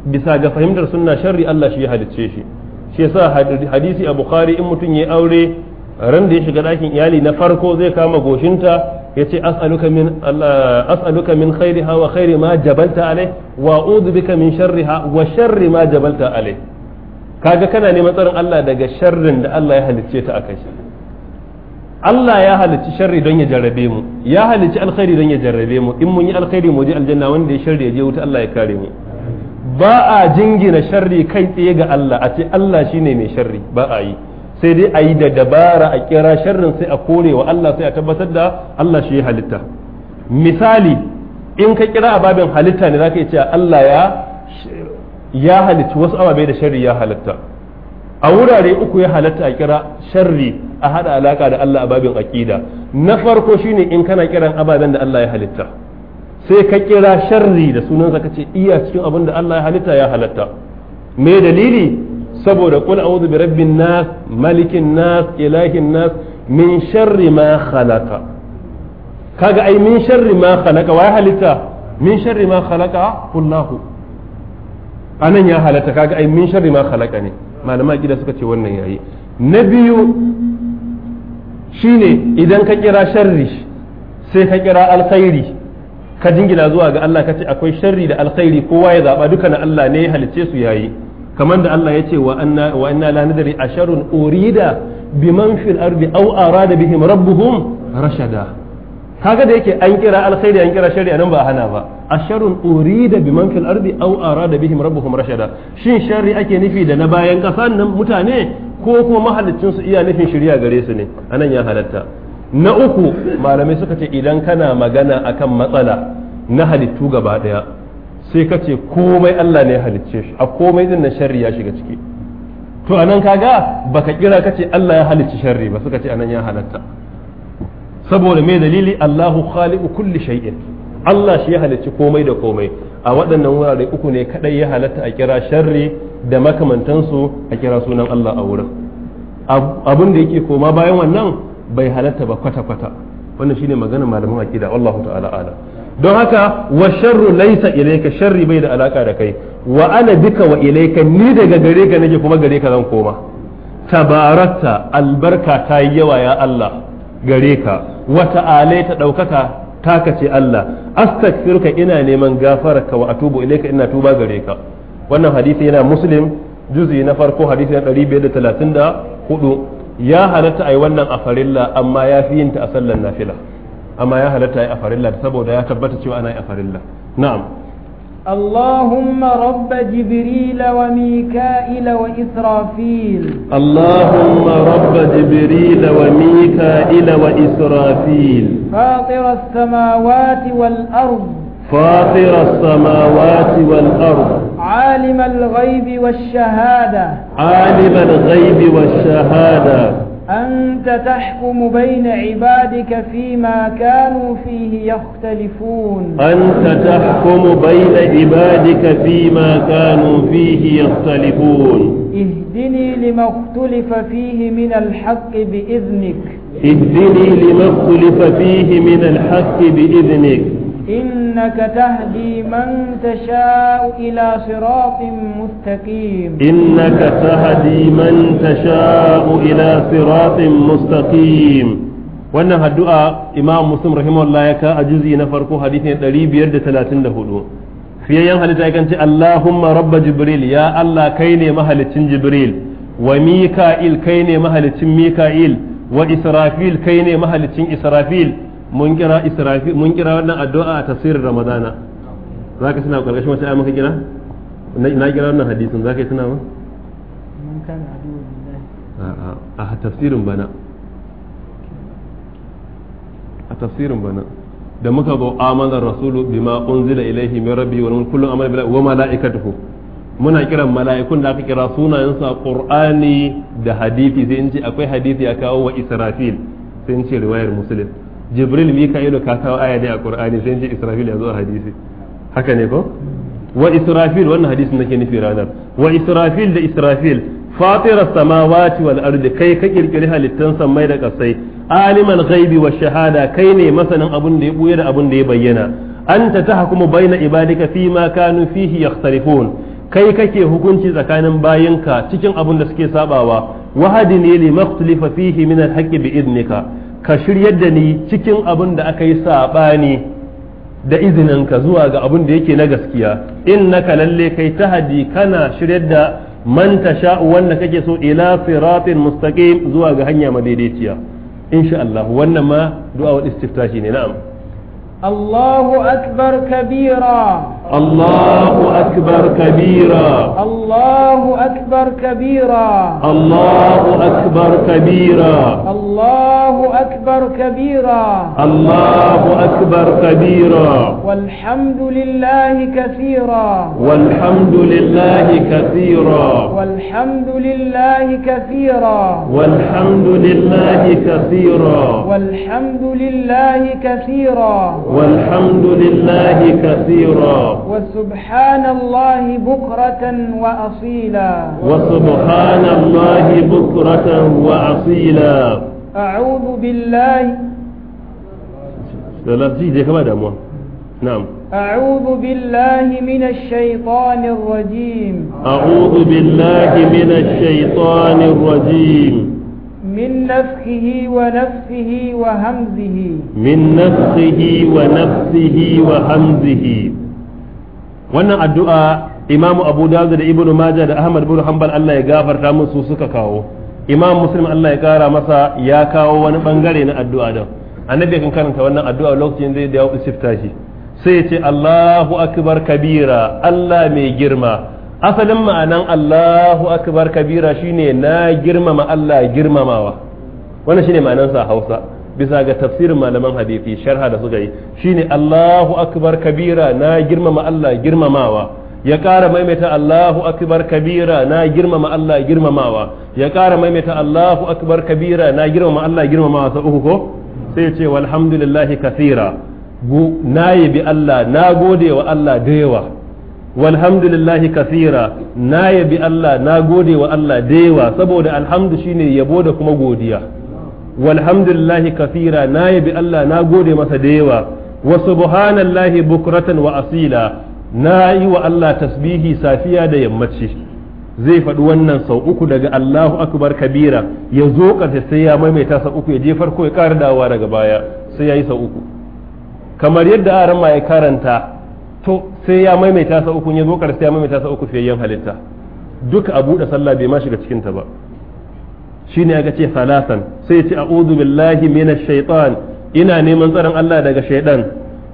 bisa ga fahimtar sunna sharri Allah shi ya halicce shi shi yasa hadisi a bukhari in mutum ya aure ran da ya shiga dakin iyali na farko zai kama goshinta ya ce as'aluka min as'aluka min khairiha wa khairi ma jabalta alai wa a'udhu bika min sharriha wa sharri ma jabalta alai kaga kana neman tsarin Allah daga sharrin da Allah ya halicce ta akai Allah ya halicci sharri don ya jarrabe mu ya halicci alkhairi don ya jarrabe mu in mun yi alkhairi mu je aljanna wanda ya sharri ya je wuta Allah ya kare mu ba a jingina sharri kai tsaye ga Allah a ce Allah shine mai sharri ba a yi sai dai a yi da dabara a kira sharrin sai a kore wa Allah sai a tabbatar da Allah shi ya halitta misali in ka kira a babin halitta ne zaka iya cewa Allah ya ya halicci wasu ababe da sharri ya halitta a wurare uku ya halatta a kira sharri a hada alaka da Allah a babin aqida na farko shine in kana kiran ababen da Allah ya halitta sai ka kira sharri da sunansa kace iya cikin abin da Allah ya halitta ya halatta me dalili saboda qul a'udhu bi rabbin nas malikin nas ilahin nas min sharri ma khalaqa kaga ai min sharri ma khalaqa wa halitta min sharri ma khalaqa kullahu anan ya halatta kaga ai min sharri ma khalaqa ne malaman gida suka ce wannan yayi na biyu shine idan ka kira sharri sai ka kira alkhairi ka jingina zuwa ga Allah ka ce akwai sharri da alkhairi kowa ya zaba duka na Allah ne ya halice su yayi kamar da Allah ya ce wa anna wa inna la nadri asharun urida biman fil ardi aw arada bihim rabbuhum rashada kaga da yake an kira alkhairi an kira shari'a nan ba hana ba asharun urida biman fil ardi aw arada bihim rabbuhum rashada shin sharri ake nufi da na bayan kasan nan mutane ko kuma mahallicin su iya nufin shari'a gare su ne anan ya halatta na uku malamai suka ce idan kana magana akan matsala na halittu gaba daya sai ka ce komai Allah ne ya halicce shi a komai din na sharri ya shiga ciki to anan kaga baka kira kace Allah ya halicci sharri ba suka ce anan ya halatta saboda mai dalili Allahu khaliqu kulli shay'in Allah shi ya halicci komai da komai a waɗannan wurare uku ne kadai ya halatta a kira sharri da makamantansu a kira sunan Allah a wurin abun da yake koma bayan wannan bai halatta ba kwata kwata wannan shine maganar malaman akida wallahu ta'ala ala don haka wa sharru laysa ilayka sharri bai da alaka da kai wa ana bika wa ilayka ni daga gare ka nake kuma gare ka zan koma tabarakta albarka ta yi yawa ya Allah gare ka wata alai ta ɗaukaka taka ce Allah astaghfiruka ina neman gafararka wa atubu ilaika ina tuba gare ka wannan hadisi yana muslim juzi na farko hadisi na 534 ya halatta ai wannan a farilla amma ya fi yinta a sallar nafila amma ya halatta ai a farilla saboda ya tabbata cewa ana yi a farilla na'am اللهم رب جبريل وميكائيل وإسرافيل اللهم رب جبريل وميكائيل وإسرافيل فاطر السماوات والأرض فاطر السماوات والأرض عالم الغيب والشهادة عالم الغيب والشهادة أنت تحكم بين عبادك فيما كانوا فيه يختلفون أنت تحكم بين عبادك فيما كانوا فيه يختلفون اهدني لما اختلف فيه من الحق بإذنك اهدني لما اختلف فيه من الحق بإذنك إنك تهدي من تشاء إلى صراط مستقيم إنك تهدي من تشاء إلى صراط مستقيم wannan addu'a imam muslim rahimahullah ya ka a juzi na farko hadith ne 534 fiyayyen halitta yakan ce Allahumma rabba jibril ya Allah kai ne mahalicin jibril wa mika'il kaine ne mahalicin wa israfil kaine ne mahalicin israfil mun kira israfi mun kira wannan addu'a a tafsirin ramadana zaka suna karkashin wata ayyuka kira na kira wannan hadisin zaka yi suna ba mun kana addu'a billahi a a tafsirin bana a tafsirin bana da muka zo amanar rasulu bima unzila ilaihi min rabbi wa kullu amal bila wa malaikatuhu muna kiran mala'ikun da aka kira sunayensa qur'ani da hadisi sai in ce akwai hadisi ya kawo wa israfil sai in ce riwayar muslim jibril mika'ilu ka kawo aya ne a qur'ani sai ji israfil ya zo a hadisi haka ne ko wa israfil wannan hadisin nake nufi ranar wa israfil da israfil fatirar samawati wal ardi kai ka kirkiri halittan sammai da kasai aliman ghaibi wa shahada kai ne masanin abun da ya buya da abun da ya bayyana anta tahkumu baina ibadika fi ma kanu fihi yakhtalifun kai kake hukunci tsakanin bayinka cikin abun da suke sabawa wahadi ne li makhtalifa fihi min al bi idnika ka shiryar da ni cikin abin da aka yi saɓani da izininka zuwa ga abin da yake na gaskiya in naka lalle kai ta tahadi kana shiryar da man sha'u wanda kake so ila siratin mustaqim zuwa ga hanya madaidaiciya insha Allah wannan ma du'a wal shi ne na'am Allahu akbar kabira الله أكبر كبيرا الله أكبر كبيرا الله أكبر كبيرا الله أكبر كبيرا الله أكبر كبيرا والحمد لله كثيرا والحمد لله كثيرا والحمد لله كثيرا والحمد لله كثيرا والحمد لله كثيرا والحمد لله كثيرا الله وسبحان الله بكرة وأصيلا وسبحان الله بكرة وأصيلا أعوذ بالله لا تزيد نعم أعوذ بالله من الشيطان الرجيم أعوذ بالله من الشيطان الرجيم من نفخه ونفسه وهمزه من نفخه ونفسه وهمزه wannan addu'a imamu abu dawud da ibnu maja da ahmad ibn hanbal Allah ya gafarta su suka kawo imam muslim Allah ya kara masa ya kawo wani bangare na addu'a da annabi kan karanta wannan addu'a lokacin zai da ya sifta sai ya ce Allahu akbar kabira Allah mai girma asalin ma'anan Allahu akbar kabira shine na girmama Allah girmamawa wannan shine ma'anansa a Hausa bisa ga tafsirin malaman hadisi sharha da suka yi shine Allahu akbar kabira na girmama Allah girmamawa ya kara maimaita Allahu akbar kabira na girmama Allah girmamawa ya ƙara maimaita Allahu akbar kabira na girmama Allah girmamawa sai uku ko sai ce walhamdulillahi kathira na bi Allah na gode wa Allah da yawa walhamdulillahi kasira na bi Allah na gode wa Allah da yawa saboda alhamdu shine yabo da kuma godiya walhamdulillahi kafira na yabi Allah na gode masa da yawa wa subhanallahi bukratan wa asila na yi wa Allah tasbihi safiya da yammaci zai faɗi wannan sau uku daga Allahu akbar kabira ya zo ƙarshe sai ya maimaita sau uku ya je farko ya ƙara dawa daga baya sai ya yi sau uku kamar yadda aran ma ya karanta to sai ya maimaita sau uku ya zo ƙarshe ya maimaita sau uku fiye yin halitta duka abu da sallah bai ma shiga cikinta ba shine ya ce salasan sai ce a'udhu billahi minash shaitan ina neman tsaron Allah daga shaidan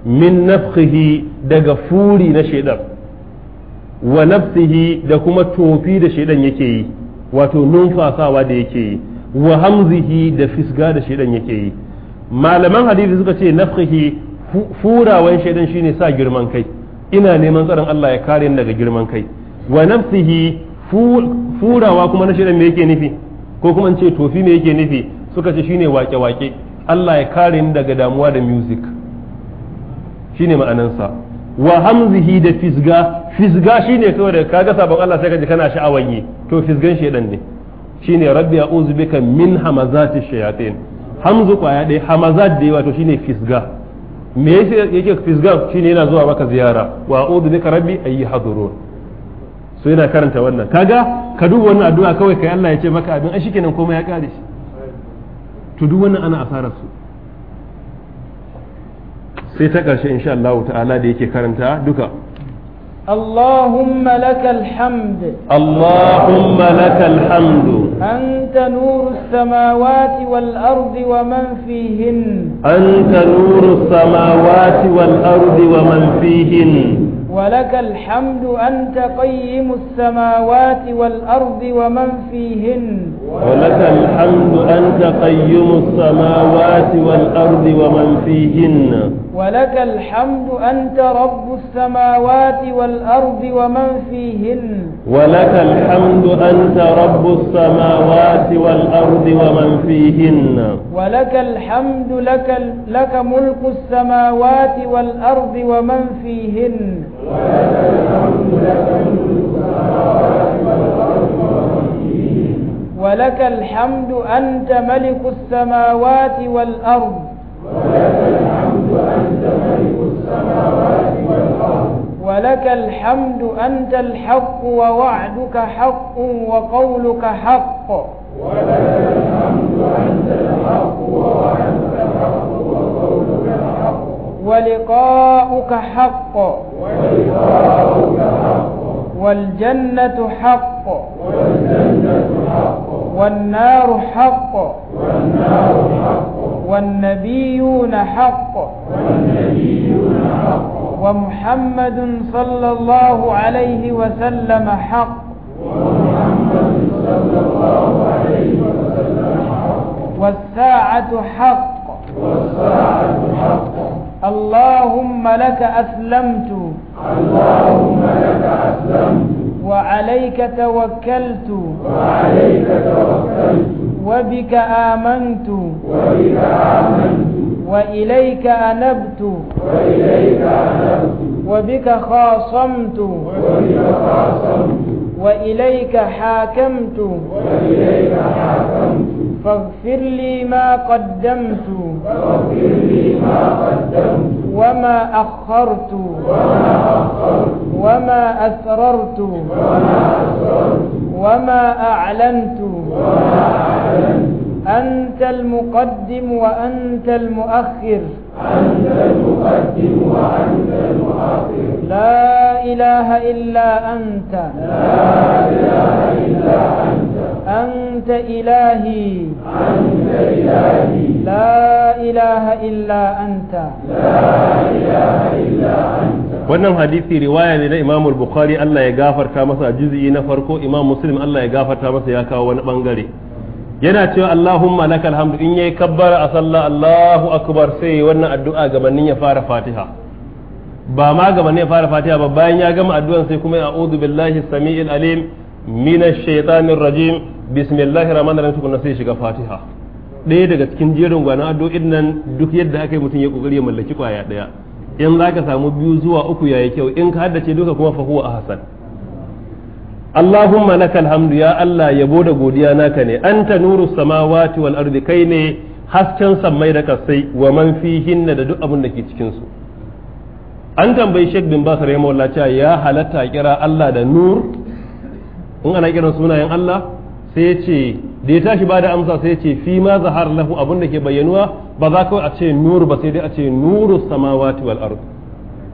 min nafkhihi daga furi na shaidan wa nafsihi da kuma tofi da shaidan yake yi wato numfasawa da yake yi wa hamzihi da fisga da shaidan yake yi malaman hadisi suka ce nafkhihi furawan shaidan shine sa girman kai ina neman tsaron Allah ya kare ni daga girman kai wa nafsihi furawa kuma na shaidan me yake nufi ko kuma ce tofi me yake nufi suka ce shine wake-wake Allah ya kare ni daga damuwa da music shine ma'anansa wa hamzihi da fisga fisga shine kawai da kaga sabon Allah sai ka ji kana sha'awan yi to fisgan shedan ne shine rabbi a'udhu bika min hamazati shayatin hamzu kwaya dai hamazat da wato shine fisga me yake fisga shine yana zuwa maka ziyara wa a'udhu bika rabbi ayi hadurun so yana karanta wannan kaga ka duba wannan addu'a kawai kai Allah ya ce maka abin ai shikenan komai ya kare shi to duk wannan ana asarar su sai ta karshe insha Allah ta'ala da yake karanta duka اللهم لك الحمد اللهم لك الحمد أنت نور السماوات والأرض ومن فيهن أنت نور السماوات والأرض ومن فيهن ولك الحمد أنت قيم السماوات والأرض ومن فيهن ولك الحمد أنت قيم السماوات والأرض ومن فيهن ولك الحمد أنت رب السماوات والأرض ومن فيهن ولك الحمد أنت رب السماوات والأرض ومن فيهن ولك الحمد لك, لك ملك السماوات والأرض ومن فيهن ولك الحمد ملك السماوات والأرض ومن فيهن ولك الحمد أنت ملك السماوات والأرض ولك الحمد أنت ملك السماوات والأرض ولك الحمد أنت الحق ووعدك حق وقولك حق ولك الحمد أنت الحق ووعدك حق وقولك حق ولقاؤك حق ولقاؤك حق والجنة حق والجنة حق والنار حق والنار حق والنبيون حق ومحمد صلى الله عليه وسلم حق والساعة حق والساعة حق اللهم لك أسلمت اللهم لك أسلمت وعليك توكلت وعليك توكلت وبك آمنت وبك آمنت وإليك أنبت وإليك أنبت وبك خاصمت وبك خاصمت وإليك حاكمت وإليك حاكمت فاغفر لي ما قدمت فاغفر لي ما قدمت وما أخرت وما أخرت وما أسررت وما أسررت وما أعلنت أنت المقدم وأنت المؤخر أنت المقدم وأنت المؤخر لا إله إلا أنت لا إله إلا أنت أنت إلهي أنت إلهي لا إله إلا أنت لا إله إلا أنت wannan hadisi riwaya ne na Imam Bukhari Allah ya gafarta masa jizi na farko Imam Muslim Allah ya gafarta masa ya kawo wani bangare yana cewa Allahumma lakal hamdu in yayi kabbara a sallah Allahu akbar sai wannan addu'a gabanin ya fara Fatiha ba ma gabanin ya fara Fatiha ba bayan ya gama addu'an sai kuma ya a'udhu billahi samiil alim minash shaitanir rajim bismillahir rahmanir rahim tukunna sai shiga Fatiha ɗaya daga cikin jerin gwanan addu'o'in nan duk yadda aka yi mutum ya kokari ya mallaki kwaya ɗaya in za ka samu biyu zuwa uku yayi kyau in ka haddace duka kuma fa huwa ahsan Allahumma lakal hamdu ya Allah yabo da godiya naka ne anta nuru samawati wal ardi kai ne hasken sammai da kasai wa man fihinna da duk abin da ke cikin su an tambayi Sheikh bin Bakar rahimahullah cewa ya halatta kira Allah da nur in ana kiran sunayen Allah sai ya ce da ya tashi bada amsa sai ce fi ma zahar lahu abun da ke bayyanuwa ba za kawai a ce nuru ba sai dai a ce nuru samawati wal ardu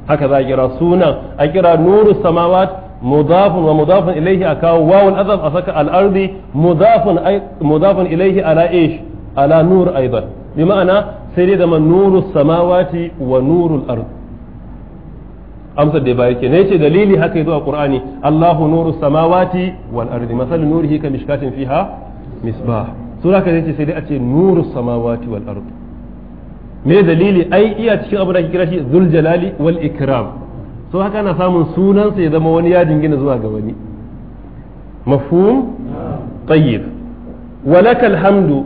haka za a kira sunan a kira nuru samawat mudafun wa mudafun ilaihi a kawo wawun azab a saka al ardi mudafun mudafun ilaihi ala ish ala nur aidan bi ma'ana sai dai da nuru samawati wa nurul ard amsar da bayar ke ne ce dalili haka yazo a qur'ani allahu nuru samawati wal ardi masalun nuru ka mishkatin fiha misbah sura ka ce sai dai a ce nuru samawati wal ardu me dalili ai iya cikin abu da ake kira shi zul jalali wal ikram so haka na samun sunansa ya zama wani ya gina zuwa ga wani mafhum tayyib walakal hamdu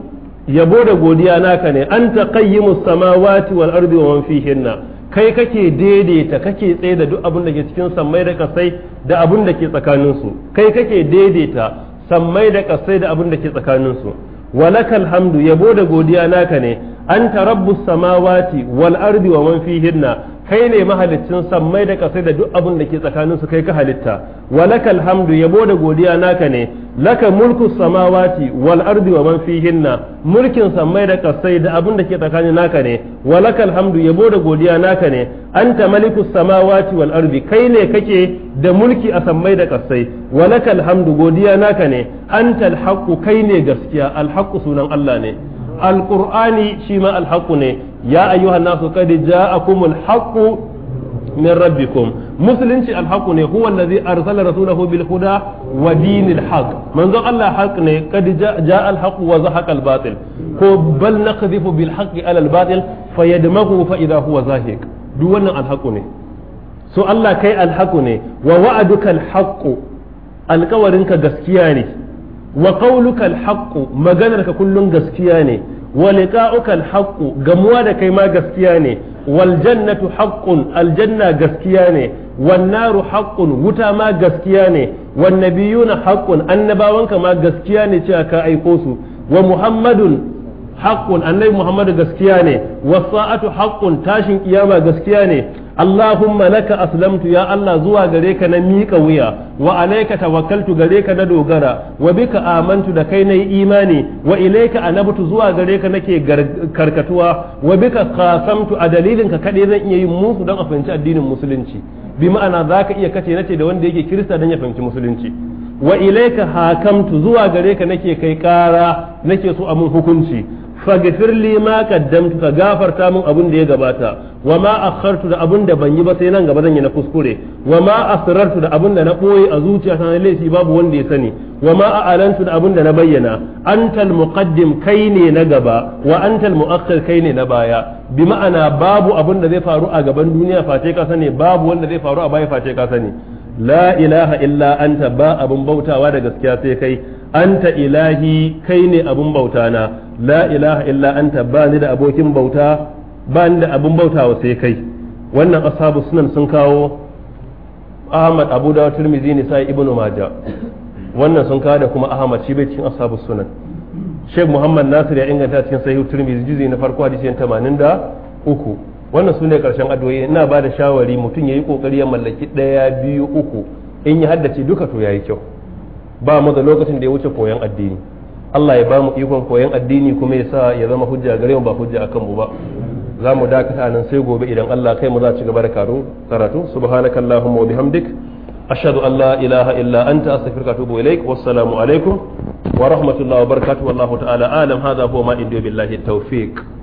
yabo da godiya naka ne anta qayyimus samawati wal ardi wa man fihinna kai kake daidaita kake tsaye da duk abin da ke cikin sammai da kasai da abin da ke tsakaninsu kai kake daidaita sammai da kasai da abin da ke tsakaninsu walakal hamdu yabo da godiya naka ne anta rabbus samawati wal ardi wa man fihinna kai ne mahalicin sammai da kasai da duk abin da ke tsakaninsu kai ka halitta walakal hamdu yabo da godiya naka ne laka mulku samawati wal ardi wa man fihinna mulkin samai da kasai da abin da ke tsakanin naka ne walaka alhamdu hamdu yabo da godiya naka ne anta malikus samawati wal ardi kai ne kake da mulki a samai da kasai walaka alhamdu hamdu godiya naka ne anta al kai ne gaskiya al sunan Allah ne alƙur'ani shi ma al ne ya ayyuhan nasu qad ja'akumul haqqu min rabbikum musulunci alhaqu ne huwa allazi arsala rasulahu bil huda wa dinil haqq Allah haqq ne kad jaa al haqq wa ko bal naqdhifu bil haqqi ala al batil fayadmaghu fa idha huwa zahiq duk Allah kai alhaqu ne wa wa'aduka alkawarinka gaskiya ne wa qawluka maganarka kullun gaskiya ne wa liqa'uka al-haqqu gamuwa da kai ma gaskiya ne waljannatu jannatu aljanna gaskiya ne wan naru wuta ma gaskiya ne wanne nabiyuna haqqun annabawanka ma gaskiya ne cewa ka aiko su wa muhammadun haqqun annabi muhammadu gaskiya ne was sa'atu haqqun tashin kiyama gaskiya ne Allahumma laka aslamtu ya Allah zuwa gare ka na miƙa wuya wa alaika tawakkaltu gare ka na dogara wa bika amantu da kai nayi imani wa ilaika anabtu zuwa gare ka nake karkatuwa wa bika qasamtu a dalilin ka kadai zan iya yin musu don a fahimci addinin musulunci bi ma'ana zaka iya kace nace da wanda yake kirista don ya fahimci musulunci wa ilaika hakamtu zuwa gare ka nake kai kara nake so a mun hukunci faghfir li ma qaddamtu ka gafarta min abun da ya gabata wa ma akhartu da abun da ban yi ba sai nan gaba zan yi na kuskure wa ma asrartu da abun da na boye a zuciya na laifi babu wanda ya sani wa ma a'lantu da abun da na bayyana antal muqaddim kai ne na gaba wa antal muakhir kai ne na baya bi ma'ana babu abun da zai faru a gaban duniya face ka sani babu wanda zai faru a baya face ka sani la ilaha illa anta ba abun bautawa da gaskiya sai kai anta ilahi kai ne abun bauta na la ilaha illa anta ba ni da abokin bauta ba ni da abun bautawa sai kai wannan ashabu sunan sun kawo Ahmad Abu da turmizi ne sai ibnu Majah wannan sun kawo da kuma Ahmad shi bai cikin ashabu sunan Sheikh Muhammad Nasir ya inganta cikin Sahih turmizi juzi na farko hadisi 83 wannan sune karshen addu'o'i ina ba da shawari mutum yayi kokari ya mallaki daya biyu uku in ya haddace duka to yayi kyau ba mu da lokacin da ya wuce koyon addini Allah ya ba mu ikon koyon addini kuma ya sa ya zama hujja gare mu ba hujja a kanmu ba za mu dakata nan sai gobe idan Allah kai mu za ci gaba da karatu subhanakallahumma wa bihamdik ashhadu an la ilaha illa anta astaghfiruka wa atubu ilaik wassalamu alaikum wa rahmatullahi wa barakatuh wallahu ta'ala alam hadha huwa ma'idu billahi tawfiq